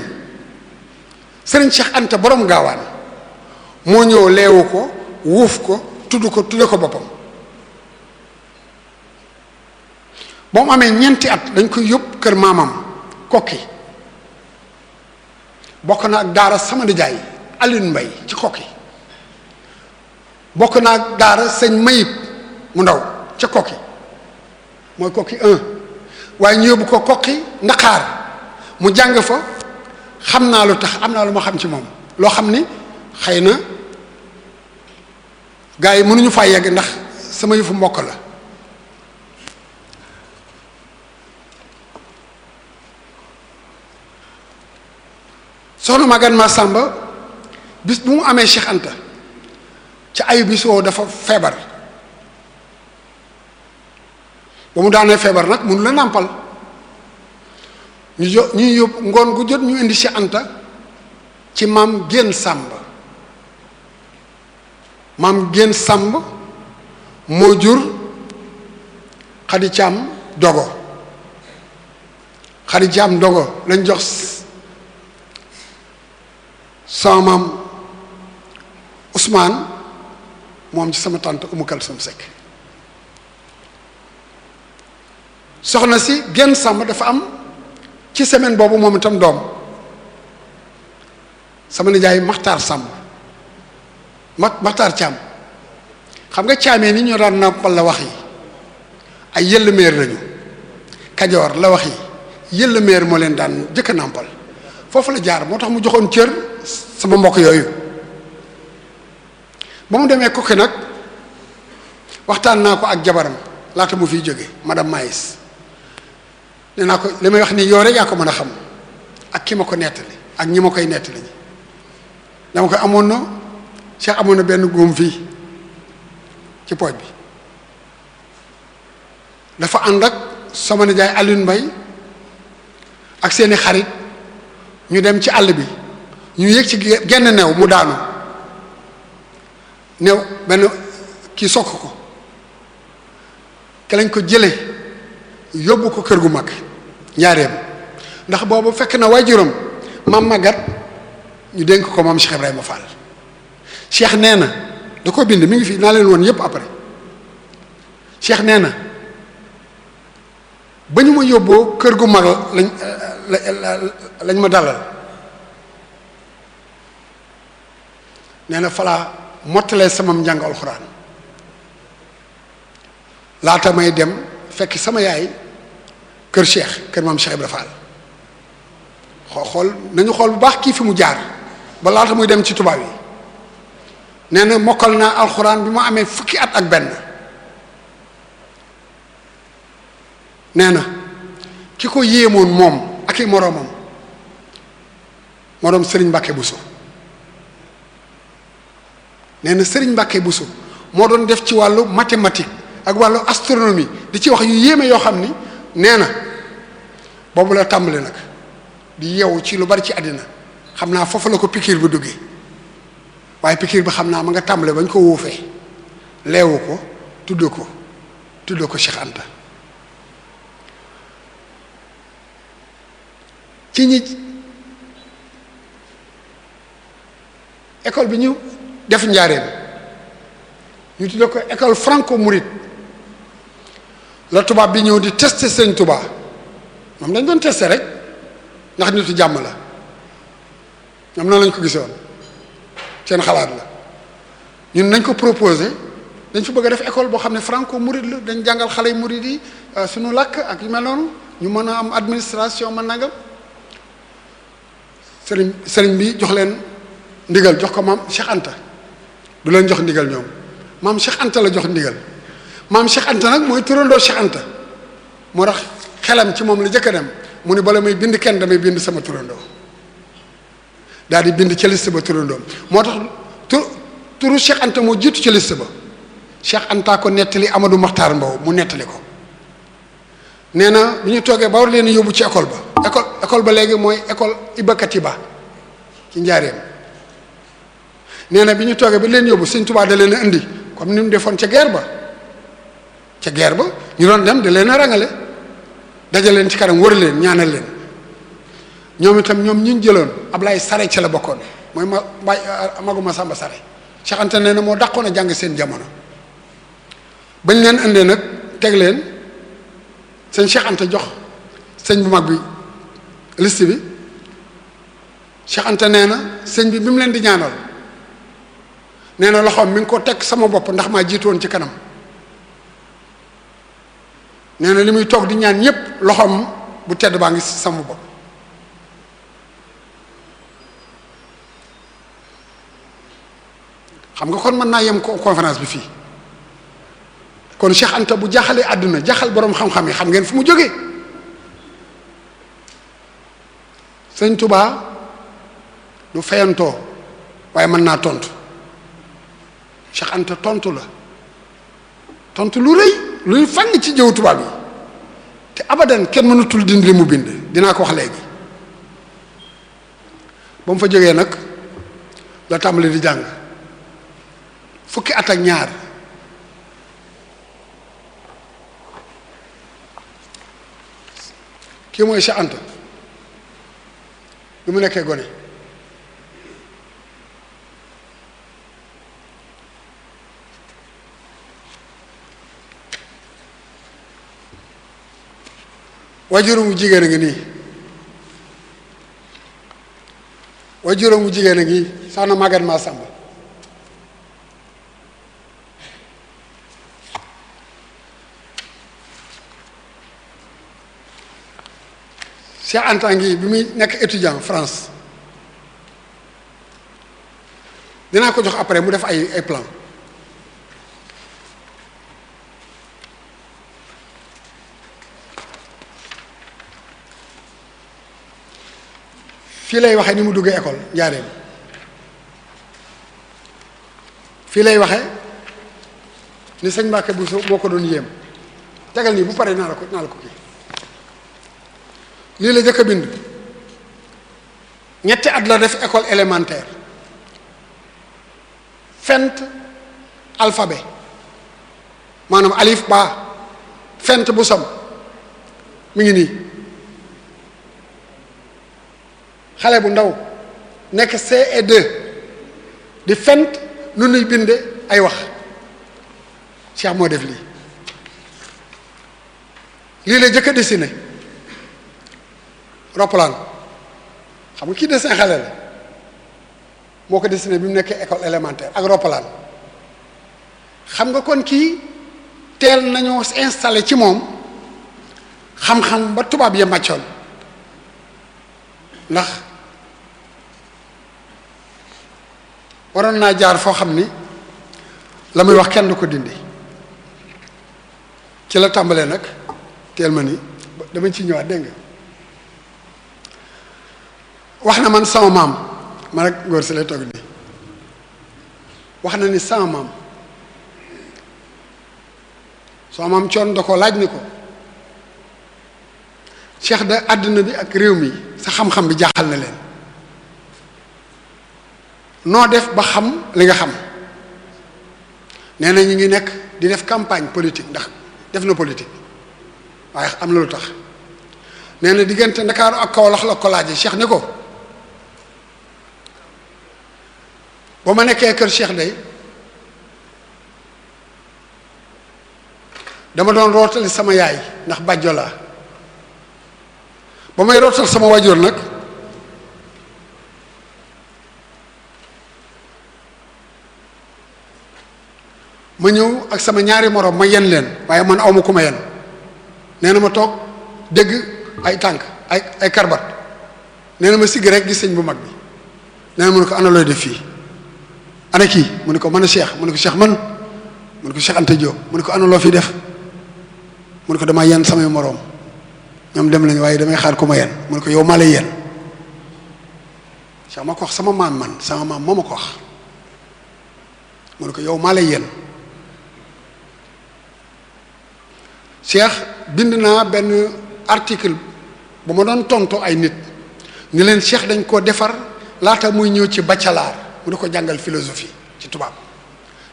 [SPEAKER 5] sëriñ Cheikh Anta borom gaawaan moo ñëw leewu ko wuuf ko tudd ko tudde ko boppam moom amee ñeenti at dañ koy yóbbu kër maamam kokki bokk na ak daara sama nijaay alin mbay ci kokki bokk na ak daara sëñ Mayib mu ndaw ca kokki mooy kokki un waaye ñu yóbbu ko kokki Ndakaar mu jàng fa xam naa lu tax am naa lu ma xam ci moom loo xam ni xëy na gars yi mënuñu faa yegg ndax sama yëfu mbokk la soxna Maguette sàmba bis bu mu amee Cheikh Anta ci ay bis woowu dafa feebar ba mu daanee feebar nag mënu la nàmpal ñu jo ñuy yóbbu ngoon gu jot ñu indi Cheikh Anta ci maam Génn Sàmb maam Génn Sàmb moo jur Khady Thiam Dogo Khady Thiam Dogo lañ jox sama maam Ousmane moom ci sama tante Umu Kalsum Sekk soxna si genn sàmm dafa am ci semaine boobu moom itam doom sama nijaay Maxtaar Sàmm ma Maxtaar Caam xam nga caamee ni ñoo daan nàmpal la wax yi ay yëllëmeer lañu kajoor la wax yi yëllëmeer moo leen daan jëkk nàmpal foofu la jaar moo tax mu joxoon cër sama mbokk yooyu ba mu demee kokki nag waxtaan naa ko ak jabaram laata mu fiy jóge madam Maïs nee naa ko li may wax nii yow rek yaa ko mën a xam ak ki ma ko nettali ak ñi ma koy nettali ñi dama ko amoon na Cheikh amoon na benn góom fii ci pooj bi dafa ànd ak sama nejaay Alioune Mbaye ak seeni xarit ñu dem ci àll bi ñu yëg ci genn new mu daanu new benn kii sokk ko te ko jële yóbbu ko kër gu mag ñaareem ndax boobu fekk na waajuram maam màggat ñu dénk ko maam Cheikh Ibrahima Fall Cheikh nee na da ko bind mi ngi fii naa leen woon yépp après Cheikh nee na ba ñu ma yóbboo kër gu mag lañ lañ ma dalal nee na falaa mottalee samam njàng alxuraan laata may dem fekk sama yaay kër Cheikh kër maam Cheikh Ibra Fall xool nañu xool bu baax kii fi mu jaar ba laata muy dem ci tubaab yi nee na mokkal naa alxuraan bi mu amee fukki at ak benn nee na ki ko yéemoon moom ak i moroomam moroom sëriñ Mbàkke bu nee na sëriñ Mbàkke su moo doon def ci wàllu mathématique ak wàllu astronomie di ci wax yu yéeme yoo xam ni nee na boobu la tàmbale nag di yeewu ci lu bari ci àddina xam naa foofu la ko pikiir bu duggee waaye pikiir bi xam naa ma nga tàmbale bañ ñu ko wuufee leewu ko tudd ko tudd ko Cheikh ci ñi école bi ñu def njaareem ñu tudde ko école franco mouride la tubaab bi ñëw di tester sëñ Touba moom dañ doon tester rek ndax nitu jàmm la ñoom naa lañ ko gisoon seen xalaat la ñun nañ ko proposé dañ fi bëgg a def école boo xam ne franco mouride la dañ jàngal xale yu mouride yi euh, suñu làkk ak yu mel ñu mën a am administration ma nagam sëriñ sëriñ bi jox leen ndigal jox ko maam Cheikh Anta du leen jox ndigal ñoom maam Cheikh Anta la jox ndigal maam Cheikh Anta nag mooy turandoo Cheikh Anta moo tax xelam ci moom la jëkk a dem mu ni may bind kenn damay sama turandoo daal di bind ca liste ba turandoom moo tax tur turu Cheikh moo jiitu ca liste ba Cheikh Anta ko nettali Amadou maxtaar Mbow mu nettali ko nee na bi ñu toogee ba war leen yóbbu ci école ba école école ba léegi mooy école ba ci njaareem nee na bi ñu toogee ba leen yóbbu sëñ Tuubaa da leen a indi kon ni mu defoon ca guerre ba ca guerre ñu doon dem da leen a rangale daja leen ci kanam wër leen ñaanal leen ñoom itam ñoom ñu jëloon Ablaye Sare ci la bokkoon mooy ma bay magu Masamba Sare Cheikh Anta nee na moo dàqoon a jàng seen jamono bañ leen indee nag teg leen. sëñ Cheikh jox sëñ bu mag bi liste bi Cheikh Anta nee na sëñ bi bi mu leen di ñaanal nee na loxoom mi ngi ko teg sama bopp ndax maa jiitu ci kanam nee na li muy toog di ñaan ñépp loxoom bu tedd baa ngi sama bopp xam nga kon mën naa yem conférence bi fii kon Cheikh Anta bu jaaxalee àdduna jaaxal borom xam-xam yi xam ngeen fu mu jógee sëñ Tubaa du fayantoo waaye mën naa tontu Cheikh tontu la tontu lu rëy luy fàng ci jëw tubaab yi te abadan kenn mënatul dindi li mu bind dinaa ko wax léegi ba mu fa jógee nag la tàmbali di jàng fukki at ñaar. kii mooy Cheikh Anta bi mu nekkee gone wajuróom wu jigéen a ngi nii wajuróom wu jigéen a ngi Cheikh Anta ngi bi muy nekk étudiant France dinaa ko jox après mu def ay ay plan fii lay waxee ni mu duggee école njaareem fii lay waxe ni sëñ Mbàkke bu moo ko doon yéem tegal nii bu pare naa la ko naa la ko kii lii la jëkk a bind ñetti at la def école élémentaire fent alphabet maanaam alif ba fent bu sam mi ngi nii xale bu ndaw nekk CE2 di fent lu nuy binde ay wax Cheikh moo def lii lii la jëkk a roppalaan xam nga kii moo ko dessiné bi nekkee école élémentaire ak roppalaan xam nga kon kii teel nañoo installé ci moom xam-xam ba tubaab ya màccoon ndax waroon naa jaar foo xam ni la muy wax kenn du ko dindi ci la tàmbalee nag teel ma ni dama ci ñëwaat dégg nga wax na man sama maam man rek góor si lay toog nii wax na ni sama maam sama maam coon da ko laaj ni ko cheikh da àddina bi ak réew mi sa xam-xam bi jaaxal na leen noo def ba xam li nga xam nee na ñu ngi nekk di def campagne politique ndax def na politique waaye am na lu tax nee na diggante ndakaaru ak Kawlax la ko laajee cheikh ni ko ba ma nekkee kër Cheikh Ndey dama doon rootali sama yaay ndax bàjjo laa ba may rootal sama waajur nag ma ñëw ak sama ñaari moroom ma yen leen waaye man awma ku ma yen nee na ma toog dégg ay tànk ay ay karbat nee na ma sigg rek gis sëñ bu mag bi nee na ma ko ana looy fii ana kii mu ne ko mën a Cheikh mu ne ko Cheikh man mu ne ko Cheikh Anta Diop mu ne ko ana loo fi def mu ne ko damaa yenn samay moroom ñoom dem nañu waaye damay xaar ku ma yenn mu ne ko yow maa lay yenn Cheikh ko sama maam man sama maam ko wax mu yow maa lay yenn Cheikh bind naa benn article bu ma doon tontu ay nit ni leen Cheikh dañ koo defar laata muy ñëw ci bacalaar bu nu ko jàngal philosophie ci tubaab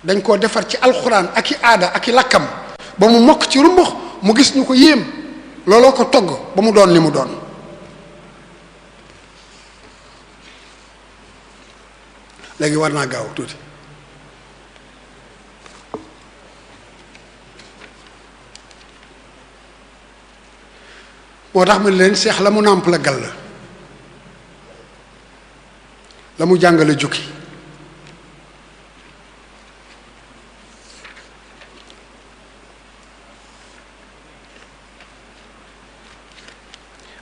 [SPEAKER 5] dañ koo defar ci alxuraan ak i aada ak i lakkam ba mu mokk ci rumbux mu gis ñu ko yéem looloo ko togg ba mu doon li mu doon léegi war naa gaaw tuuti moo tax ma leen seex la mu nàmp la gal la la mu jàngale jukki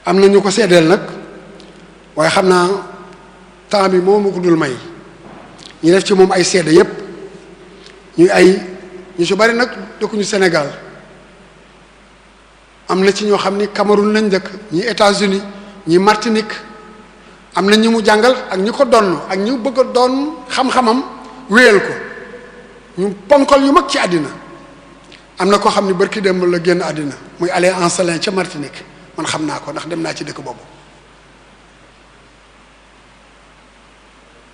[SPEAKER 5] am na ñu ko seddeel nag waaye xam naa temps bi moo ma ko dul may ñu def ci moom ay seede yépp ñu ay ñu ci bari nag dëkkuñu Sénégal am na ci ñoo xam ni Cameroun lañ dëkk ñi États-Unis ñi Martinique am na ñi mu jàngal ak ñi ko donn ak ñu bëgg a doon xam-xamam wéyal ko ñu ponkol yu mag ci àddina am na koo xam ni barki dem la génn àddina muy aller en salin ca Martinique man xam naa ko ndax dem naa ci dëkk boobu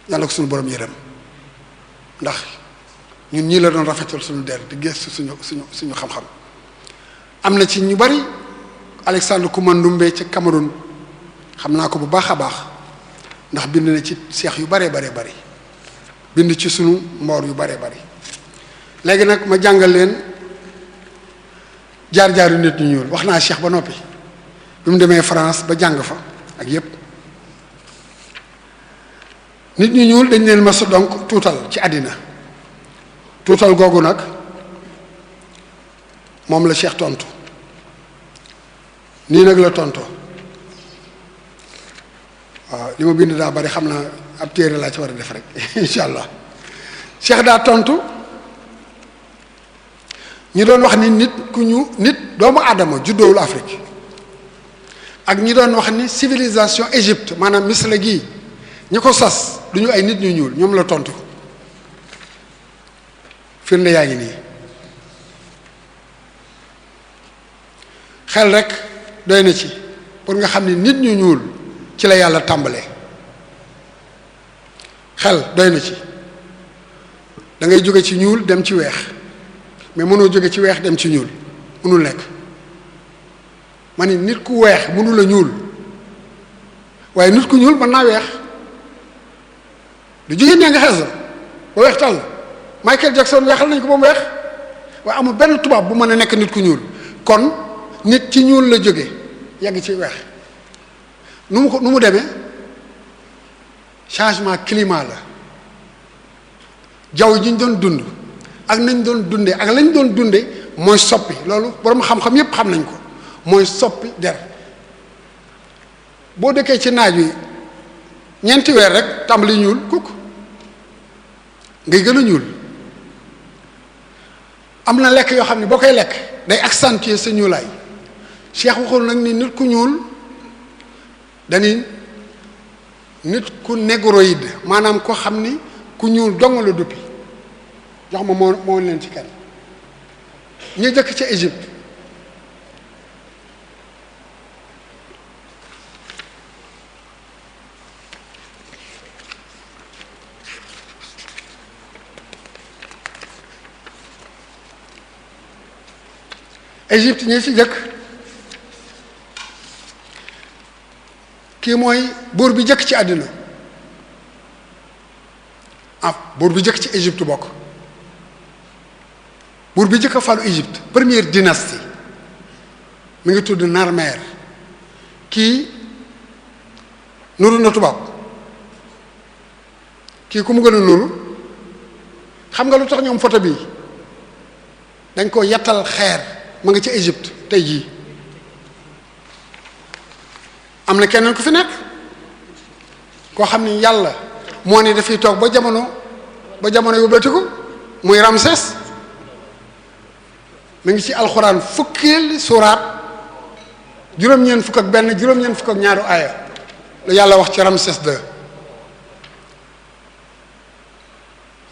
[SPEAKER 5] yàlla ko suñu borom yërëm ndax ñun ñii la doon rafetal suñu der di gëstu suñu suñu suñu xam-xam am na ci ñu bari Alexandre Koumandoumbé ci Cameroun xam naa ko bu baax a baax ndax bind na ci seex yu baree baree bari bind ci suñu mboor yu baree bari léegi nag ma jàngal leen jaar-jaaru nit ñu ñuul wax naa seex ba noppi bi mu demee France ba jàng fa ak yépp nit ñu ñuul dañ leen mas a donc tuutal ci àddina tuutal googu nag moom la Cheikh tontu nii nag la tonto waaw li ma bind daa bari xam naa ab téere laa ci war a def rek insha allah Cheikh daa tontu ñu doon wax ni nit ku ñu nit doomu aadama juddoowul Afrique ak ñi doon wax ni civilisation Égypte maanaam misra gii ñi ko sas du ñu ay nit ñu ñuul ñoom la tontu firnde yaa ngi nii xel rek doy na ci pour nga xam ni nit ñu ñuul ci la yàlla tàmbale xel doy na ci da ngay jóge ci ñuul dem ci weex mais mënoo jóge ci weex dem ci ñuul mënul nekk ma ni nit ku weex mënu la ñuul waaye nit ku ñuul mën naa weex du jigéen ñaa nga xees la ba weex tàll Michael Jackson weexal nañ ko ba mu weex waaye amul benn tubaab bu mën a nekk nit ku ñuul kon nit ci ñuul la jóge yàgg ci weex nu mu ko nu mu demee changement climat la jaww ji ñu doon dund ak nañ doon dundee ak lañ doon dunde mooy soppi loolu boroom xam-xam yépp xam nañ ko mooy soppi der boo dëkkee ci naaj wi ñeenti weer rek tàmbali ñuul kukk ngay gën a ñuul am na lekk yoo xam ne boo koy lekk day accentuer sa ñuulaay cheikh waxul nag ni nit ku ñuul dañuy nit ku négroïde maanaam ko xam ni ku ñuul dong la duppi jox ma moo moo leen ci kenn ñu jëkk ci Égypte Égypte ñi ci jëkk kii mooy buur bi jëkk ci àddina ah buur bi jëkk ci Égypte bokk buur bi jëkk a falu Égypte première dynastie mi ngi tudd Narmer kii nuru na tubaab kii ku mu gën a nuru xam nga lu tax ñoom photo bii dañ ko yettal xeer mu nga ci Égypte tey jii am na keneen ku fi nekk koo xam ne yàlla moo ne dafay toog ba jamono ba jamono yóbbatiku muy Ramsès mu ngi ci alxuraan fukkeeli suuraat juróom-ñeent fukk ak benn juróom-ñeent fukk ak ñaaru aaya la yàlla wax ci Ramsès de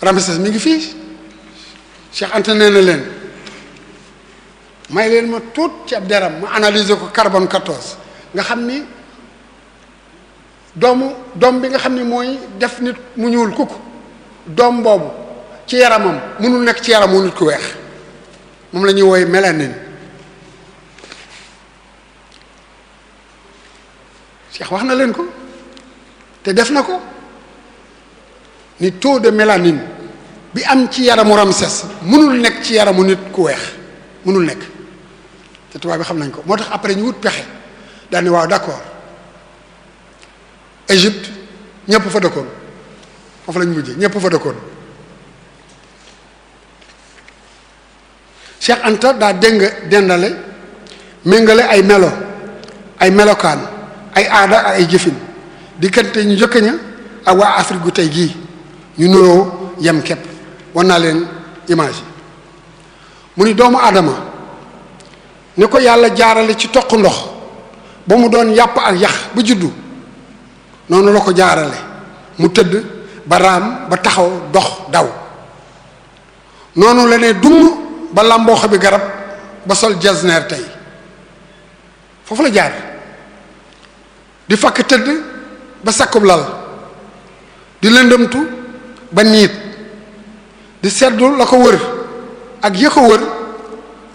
[SPEAKER 5] Ramsès mi ngi fii Cheikh Anta nee na leen may leen ma tuut ci ab deram ma analyser ko carbone 14 nga xam ni doomu doom bi nga xam ni mooy def nit mu ñuul kukk doom boobu ci yaramam mënul nekk ci yaramu nit ku weex moom la ñuy wooy mélanine Cheikh wax na leen ko te def na ko ni taux de mélanine bi am ci yaramu Ramsès mënul nekk ci yaramu nit ku weex mënul nekk te tubaab bi xam nañ ko moo tax après ñu wut pexe daal ne waaw d'accord Égypte ñëpp fa dëkkoon foofu lañ mujje ñëpp fa dëkkoon Cheikh Anta daa déng dendale méngale ay melo ay melokaan ay aada ay jëfin diggante ñu jëkk ña ak waa Afrique gu tey gii ñu nuroo yem képp wan naa leen image yi mu ni doomu aadama ni ko yàlla jaarale ci toq ndox ba mu doon yàpp ak yax ba juddu noonu la ko jaarale mu tëdd ba raam ba taxaw dox daw noonu la ne dumm ba làmboo xobi garab ba sol jasneer tey foofu la jaar di fakk tëdd ba sakkub lal di lëndamtu ba niit di seddu la ko wër ak ya ko wër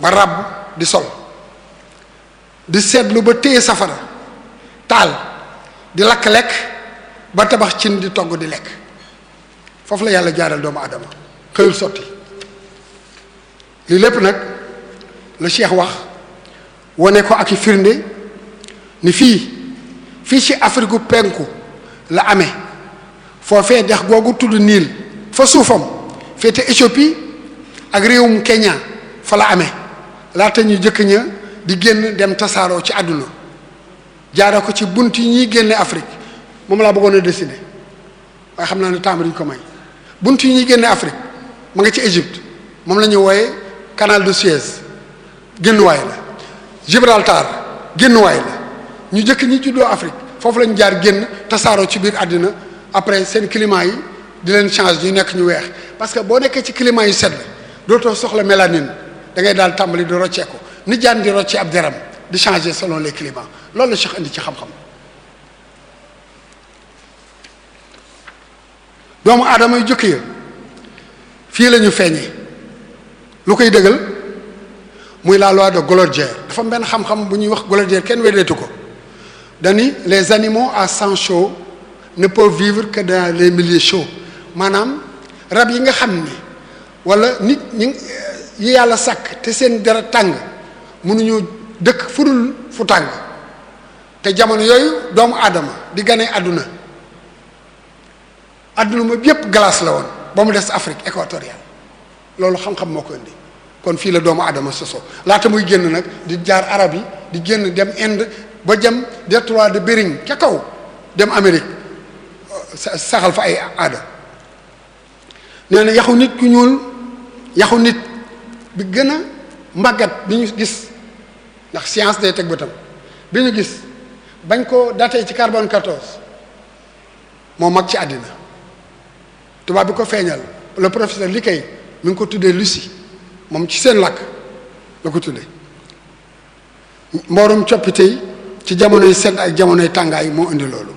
[SPEAKER 5] ba ràbb di sol di seetlu ba téye safara taal di lakk lekk ba tabax cin di togg di lekk foofu la yàlla jaaral doomu adama xëyul sotti lii lépp nag la cheikh wax wane ko ak i firnde ni fii fii ci afrigu penku la ame foofee dex googu tudd niil fa suufam féete Éthiopie ak réewum Kenya fa la amee laata ñu jëkk ña di génn dem tasaaroo ci àdduna jaaroo ko ci bunt yi ñuy génne Afrique moom laa bëggoon a dessiné waaye xam naa ni temps bi ko may bunt yi ñuy génne Afrique ma nga ci Égypte moom la ñu wooye canal de Suez génnuwaay la Gibraltar génnuwaay la ñu jëkk ñi juddoo Afrique foofu la ñu jaar génn tasaaroo ci biir àddina après seen climat yi di leen change ñu nekk ñu weex parce que boo nekkee ci climat yu sedd dootoo soxla mélanine da ngay daal tàmbali di rocceeku ni jaan di rocci ab deram di changer solo les climat loolu la Cheikh indi ci xam-xam doomu aadama yu jëkk ya fii la ñu feeñee lu koy dëggal muy la loi de Golgier dafa benn xam-xam bu ñuy wax Golgier kenn weddeetu ko dani les animaux à sang chaud ne peuvent vivre que dans les milieux chauds maanaam rab yi nga xam ni wala nit ñi yi yàlla sàkk te seen dara tàng mënuñu dëkk fu dul fu tàng te jamono yooyu doomu aadama di gane àdduna àdduna ma yépp glace la woon ba mu des Afrique équatoriale loolu xam-xam moo ko indi kon fii la doomu aadama soso laata muy génn nag di jaar arab yi di génn dem Inde ba jëm détroit de Bering ca kaw dem Amérique saxal fa ay aada nee yaxu nit ku ñuul yaxu nit bi gën a màggat bi ñu gis ndax science day teg bëtam bi ñu gis bañ ko daté ci carbone 14 moo mag ci àddina tubaab bi ko feeñal le professeur Likay mi ngi ko tuddee Lucie moom ci seen làkk la ko tuddee mboorum coppite ci jamonoy sedd ak jamonoy tàngaay moo indi loolu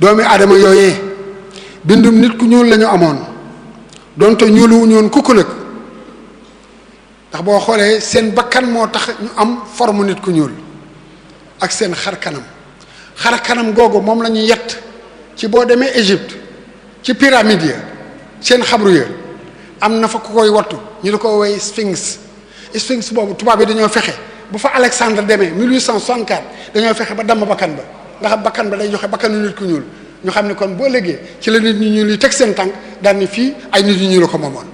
[SPEAKER 5] doomi aadama yooyee bindum nit ku ñuul la ñu amoon donte ñuuluwu ñoon kukkulëg ndax boo xoolee seen bakkan moo tax ñu am forme nit ku ñuul ak seen xar kanam xar kanam googu moom la ñu yett ci boo demee Égypte ci pyramide ya seen xabru ya am na fa ku koy wattu ñu di ko woy sphinx sphinx boobu tubaab yi dañoo fexe bu fa Alexandre demee 1864 dañoo fexe ba damm bakkan ba ndax bakkan ba day joxe bakkanu nit ku ñuul ñu xam ne kon boo léegi ci la nit ñu ñuul yi teg seen tànk daal ni fii ay nit ñu ñuul ko moomoon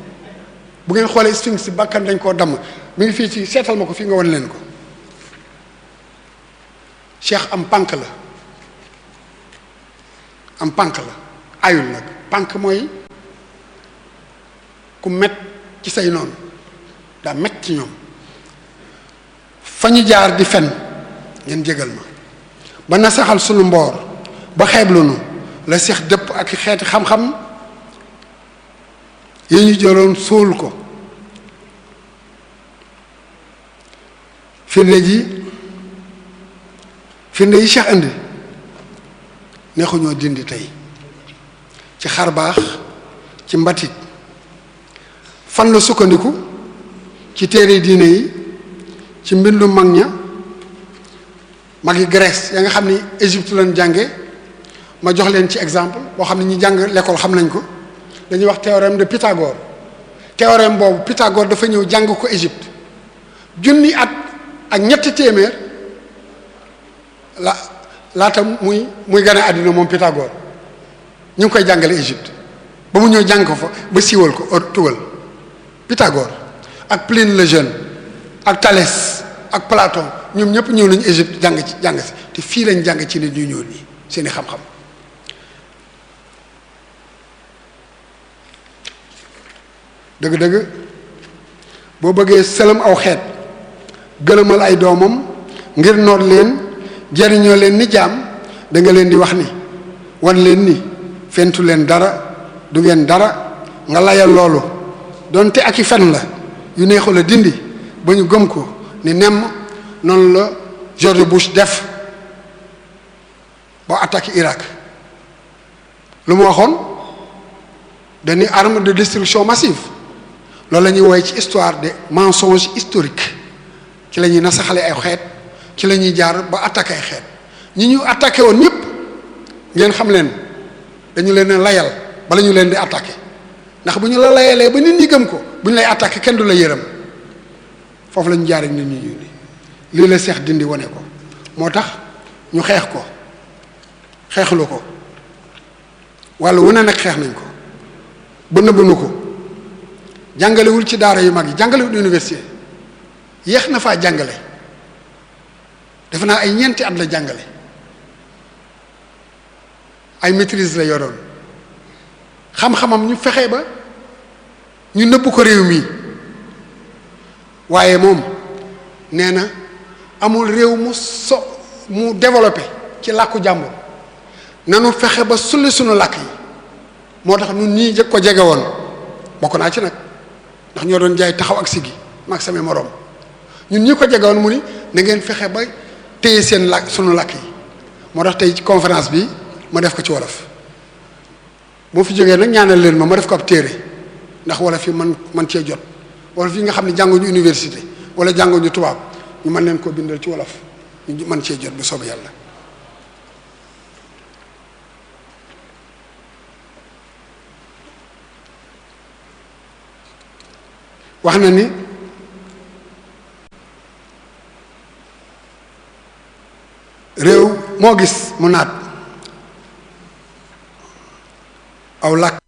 [SPEAKER 5] bu ngeen xoolee sphinx si bàkkan dañ koo damm mi ngi fii ci seetal ma ko fii nga wan leen ko cheikh am pànk la am pànk la ayul nag pànk mooy ku met ci say noonu daa met ci ñoom fa ñu jaar di fen ngeen jégal ma ba nasaxal sunu mboor ba xeeblu nu la seex dëpp ak xeeti xam-xam yi ñu jëloon suul ko firnde ji firnde yi Cheikh indi neexuñoo dindi tey ci xarbaax baax ci mbatit fan la sukkandiku ci téere diine yi ci mbindu mag ña mag magi Grèce ya nga xam ni Égypte lañ jànge ma jox leen ci exemple moo xam ne ñi jàng l'école xam nañ ko dañuy wax théorème de Pythagore théorème boobu Pythagore dafa ñëw jàng ko Égypte junni at ak ñetti téeméer la laata muy muy gane àddina moom Pythagore ñu ngi koy jàngale Égypte ba mu ñëw jàng ko fa ba siiwal ko or tugal Pythagore ak Pline le Jeune ak Thalès ak Platon ñoom ñëpp ñëw nañu Égypte jàng ci jàng si te fii lañ jàng ci nit ñu ñuul nii seeni xam-xam dëgg-dëgg boo bëggee sëlam aw xeet gëlëmal ay doomam ngir noot leen jariñoo leen ni jaam da nga leen di wax ni wan leen ni fentu leen dara du dara nga layal loolu donte ak i fen la yu neexu la dindi ba ñu gëm ko ni nemm noonu la George Bush def ba attaque Irak lu mu waxoon dañuy arme de destruction massive loolu la ñuy wooye ci histoire de mensonge historique ci la ñuy nasaxale ay xeet ci lañuy ñuy jaar ba attaqué ay xeet ñi ñu attaqué woon ñëpp ngeen xam leen dañu leen layal bala ñu leen di attaqué ndax bu ñu la layalee ba nit ñi gëm ko bu ñu lay attaqué kenn du la yërëm foofu lañu ñu jaar ak nit ñi ñu lii la seex dindi wane ko moo tax ñu xeex ko xeexlu ko wu ne nag xeex nañ ko ba nëbb ko jàngalewul ci daara yu mag yi jàngalewul université yéex na faa jàngale defe naa ay ñeenti at la jàngale ay maîtrise la yoroon xam-xamam ñu fexe ba ñu nëbb ko réew mi waaye moom nee na amul réew mu so mu développé ci làkku jàmbur nanu fexe ba sulli sunu làkk yi moo tax nu nun ñii ko jege woon bokk naa ci nag ndax ñoo doon jaay taxaw ak sigi maag samay moroom ñun ñi ko jegoon mu ni na ngeen fexe ba téye seen làkk sunu làkk yi moo tax tey conférence bi ma def ko ci wolof boo fi jógee nag ñaanal leen ma ma def ko ab téere ndax wolof yi man man cee jot wolof yi nga xam ne jànguñu université wala jànguñu tubaab ñu mën leen koo bindal ci wolof ñu mën cee jot bu soobee yàlla wax na ni réew moo gis mu naat aw làkk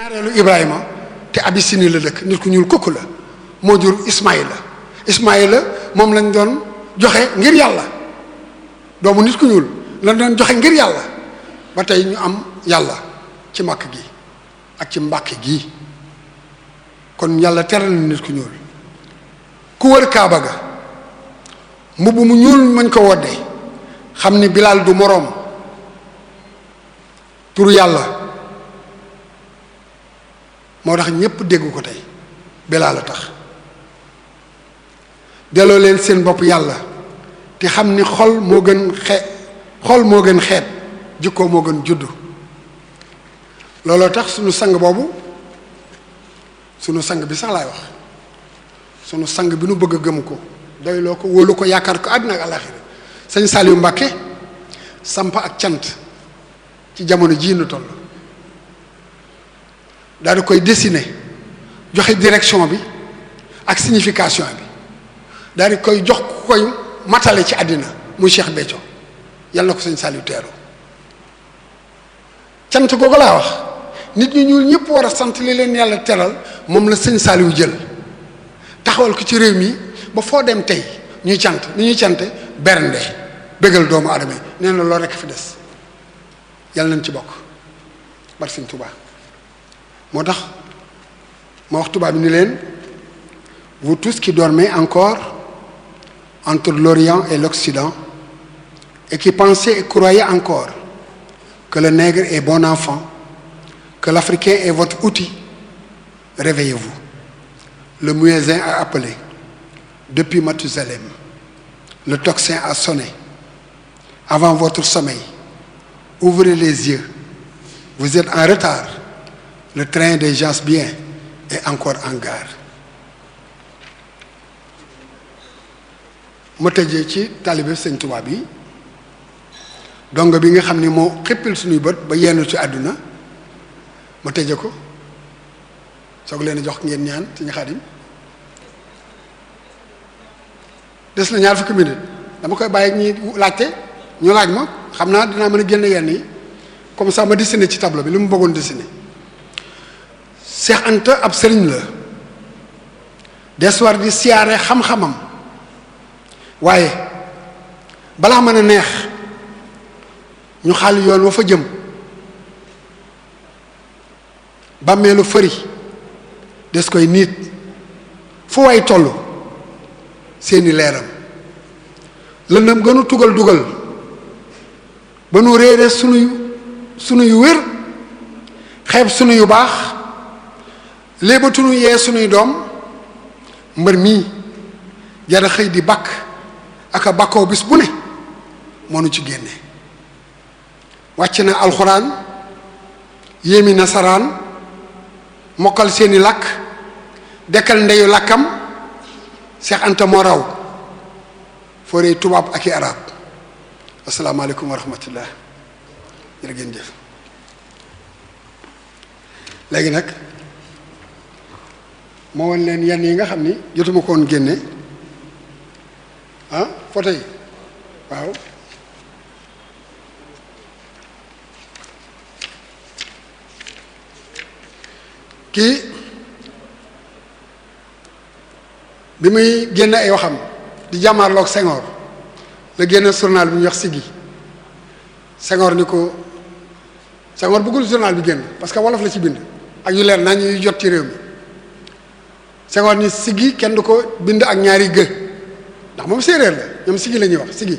[SPEAKER 6] ñaareelu Ibrahima te Abyssinie
[SPEAKER 5] la dëkk nit ku ñuul kukk la moo jur Ismaïla la moom lañ doon joxe ngir yàlla doomu nit ku ñuul lañ doon joxe ngir yàlla ba tey ñu am yàlla ci màkk gi ak ci mbàkk gi kon yàlla teral na nit ku ñuul ku wër kaaba ga mbubb mu ñuul mañ ko wodde xam ni bilaal du moroom pour yàlla moo tax ñépp dégg ko tey belaa la tax delloo leen seen bopp yàlla te xam ni xol moo gën xee xol moo gën xeet jikkoo moo gën juddu looloo tax sunu sang boobu sunu sang bi sax laay wax sunu sang bi nu bëgg a gëm ko doyloo ko wóolu ko yaakaar ko àddina ak àllaaxira sëñ yu Mbàkke samp ak cant ci jamono jii nu toll daal di koy dessiner joxe direction bi ak signification bi daal koy jox ku koy matale ci àddina muy Cheikh Béthio yal na ko sëñ Saliou teeru cant googu laa wax nit ñi ñuul ñëpp war a sant li leen yàlla teral moom la sëñ Saliou jël taxawal ko ci réew mi ba foo dem tey ñuy cant ni ñuy cante bernde bégal doomu aadama yi nee loolu rekk fi des yàlla nañ ci bokk bar sëñ Tuubaa moo tax ma wax bi ni leen vous tous qui dormez encore entre l'Orient et l'Occident et qui pensez et croyez encore que le nègre est bon enfant que l'Africain est votre outil réveillez-vous le muezzin a appelé depuis Mathusalem le tocsin a sonné avant votre sommeil ouvrez les yeux vous êtes en retard Le train des gens bien est encore en gare mu ci taalibe sëñ Tuubaa bi dong bi nga xam ni moo xippil suñuy bët ba yenn ci àdduna mu tëje ko soog leen jox ngeen ñaan sëñ Xaadim des na ñaar fukki minute dama koy bàyyi ñi laajte ñu laaj ma xam naa dinaa mën a génn yenn yi comme ça ma dessiné ci tableau bi li mu bëggoon dessiné Cheikh ab sëriñ la des war di siyaare xam-xamam waaye balaa mën a neex ñu xal yoon wa fa jëm bàmmeelu fëri des koy niit foo way tollu seeni leeram lëndëm gënu tugal dugal ba nu réere sunuy sunuy wér xeeb sunuyu baax léebatunu yee suñuy doom mbër mii jara xëy di bakk aka a bis bu ne moo ci génne wàcc na alxuraan yéemi nasaraan mokkal seeni làkk dekkal ndeyu làkkam Seex Anta moo raw fooree tubaab ak i arab asalaamaaleykum wa rahmatullah jërë ngeen jëf léegi nag ma won leen yenn yi nga xam ni jotuma koon génne ah photo yi waaw kii bi muy génn ay waxam di jàmmaarloog Senghor la génn journal bi ñuy wax Siggi Senghor ni ko Senghor bëggul journal bi génn parce que wolof la ci bind ak yu leer nañ ñuy jot ci réew mi Senghor ni sigi kenn du ko bind ak ñaari gë ndax moom séeréer la ñoom sigi la ñuy wax sigi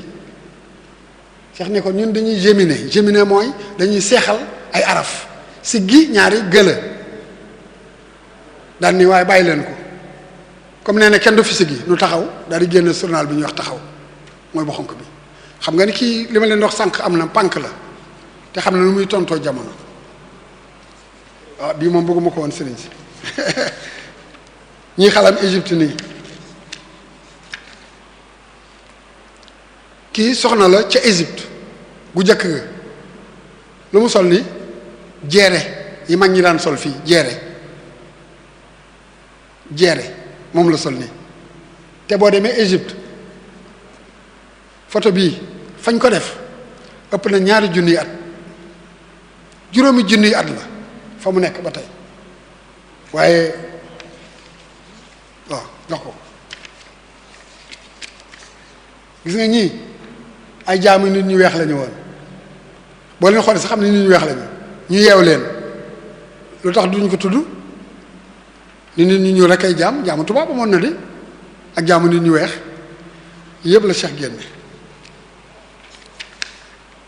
[SPEAKER 5] Cheikh ne ko ñun dañuy gémmine géminer mooy dañuy seexal ay araf siggi ñaari gë la daan ni waaye bàyyi leen ko comme nee na kenn du fi sigi nu taxaw daal di génn journal bi ñuy wax taxaw mooy bu xonk bi xam nga ni kii li ma leen wax sànq am na pànk la te xam na lu muy tontoo jamono waaw ah, bii moom bëgguma ko woon sëriñ si ñuy xalam Égypte nii kii soxna la ca Égypte gu jëkk nga lu mu sol ni jeere yi mag ñi daan sol fii jeere jeere moom la sol nii te boo demee Égypte photo bii fañ ko def ëpp na ñaari junniy at juróomi junniy at la fa mu nekk ba tey waaye jox ko gis nga ñii ay jaamu nit ñu weex lañu woon boo leen xoolee sax xam ne nit ñu weex lañu ñu yeew leen lu tax duñ ko tudd ni nit ñu ñuul rek ay jaam jaamu tubaab amoon na de ak jaamu nit ñu weex yépp la Cheikh génne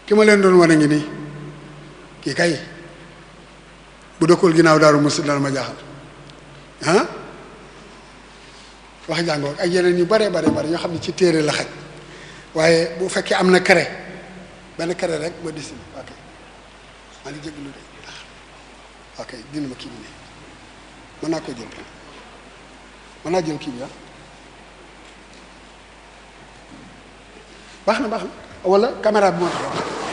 [SPEAKER 5] ki ma leen doon wane ngi nii kii kay bu dëkkul ginnaaw daaru musi dana ma jaaxal wax jàngoog ay yeneen yu bare bare bare ñoo xam ne ci téere la waaye bu fekkee am na kare benn kere rek ma dessine ok maa ngi jéglu de ndax ok dina ma naa ko jël mën naa jël kii bi ah. baax na baax na wala caméra bi moo tax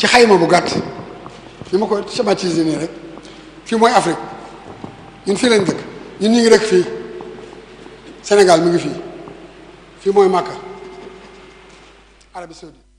[SPEAKER 5] ci xayma bu gàtt ni ma ko schématise rek fii mooy Afrique ñun fii lañ dëkk ñun ñu rek fii Sénégal mi ngi fii fii mooy Makka Arabie Saoudite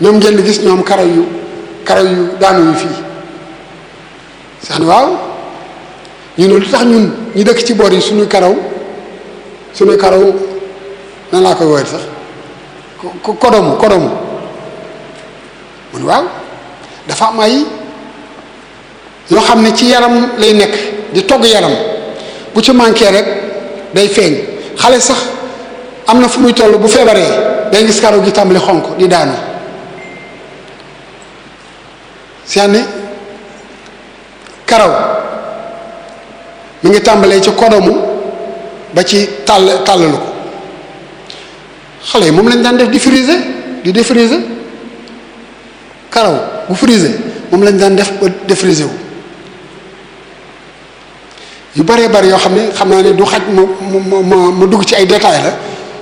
[SPEAKER 5] ñoom ngeen di gis ñoom karaw yu karaw yu daanu yu fii sax ne waaw ñu lu tax ñun ñu dëkk ci boor yi suñu karaw suñu karaw nan laa koy wër sax kodomu kodomu mun waaw dafa am ay yoo xam ne ci yaram lay nekk di togg yaram bu ci manqué rek day feeñ xale sax am na fu muy toll bu feebaree day gis karaw gi tàmbali xonq di daanu seeni karaw mu ngi tàmbalee ci kodomu ba ci tàll tàllalu ko xale yi moom lañ daan def di friser di défriser karaw bu friser moom lañ daan def ba défriser wu yu bëree bëri yoo xam ne xam naa ne du xaj mu mu mu dugg ci ay détails la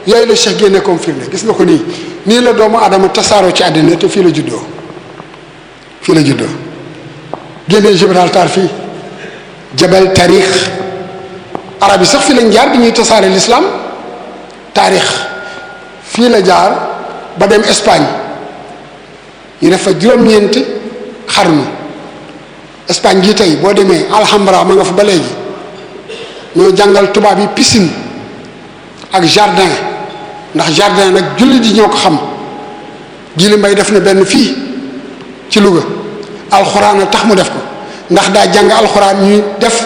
[SPEAKER 5] yooyu la Cheikh génne confirmé gis nga ko nii nii la doomu aadama tasaaroo ci àddina te fii la juddoo fii la juddoo génneel général fii jabal taarix arab yi sax fii lañ jaar bi ñuy tasaare l'islam taarix fii la jaar ba dem Espagne ñu def fa juróom xar xarnu Espagne gi tey boo demee Alhambra ma nga fa ba léegi ñoo jàngal tubaab yi piscine ak jardin ndax jardin nag jullit yi ñoo ko xam ji li mbay def na benn fii ci Louga alxuraan a tax mu def ko ndax daa jàng alxuraan ñuy def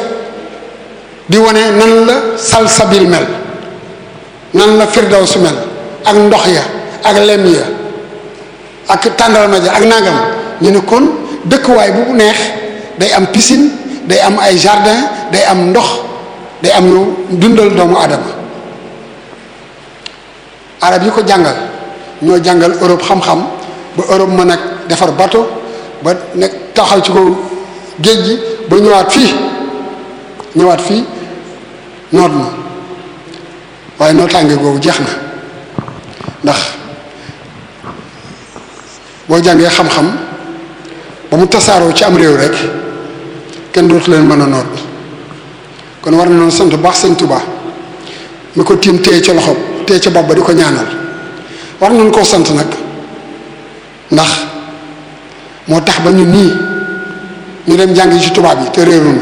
[SPEAKER 5] di wane nan la salsabil mel nan la firdaws mel ak ndox ya ak lem ya ak tàndarma ja ak nangam ñu ne kon dëkkuwaay bu neex day am pisin day am ay jardin day am ndox day am lu dundal doomu adama arab yi ko jàngal ñoo jàngal Europe xam-xam ba Europe ma nag defar bato ba nekk taxaw ci ko géej gi ba ñëwaat fii ñëwaat fii noot na waaye nootaange googu jeex na ndax boo jàngee xam-xam ba mu tasaaroo ci am réew rek kenn dootu leen mën a noot kon war na noonu sant baax sëñ Tuubaa mi ko tiim téye ca loxo téye ca bopp ba di ko ñaanal war nañ koo sant nag ndax moo tax ba ñu nii ñu dem jàngi ci tubaab yi te réeruñu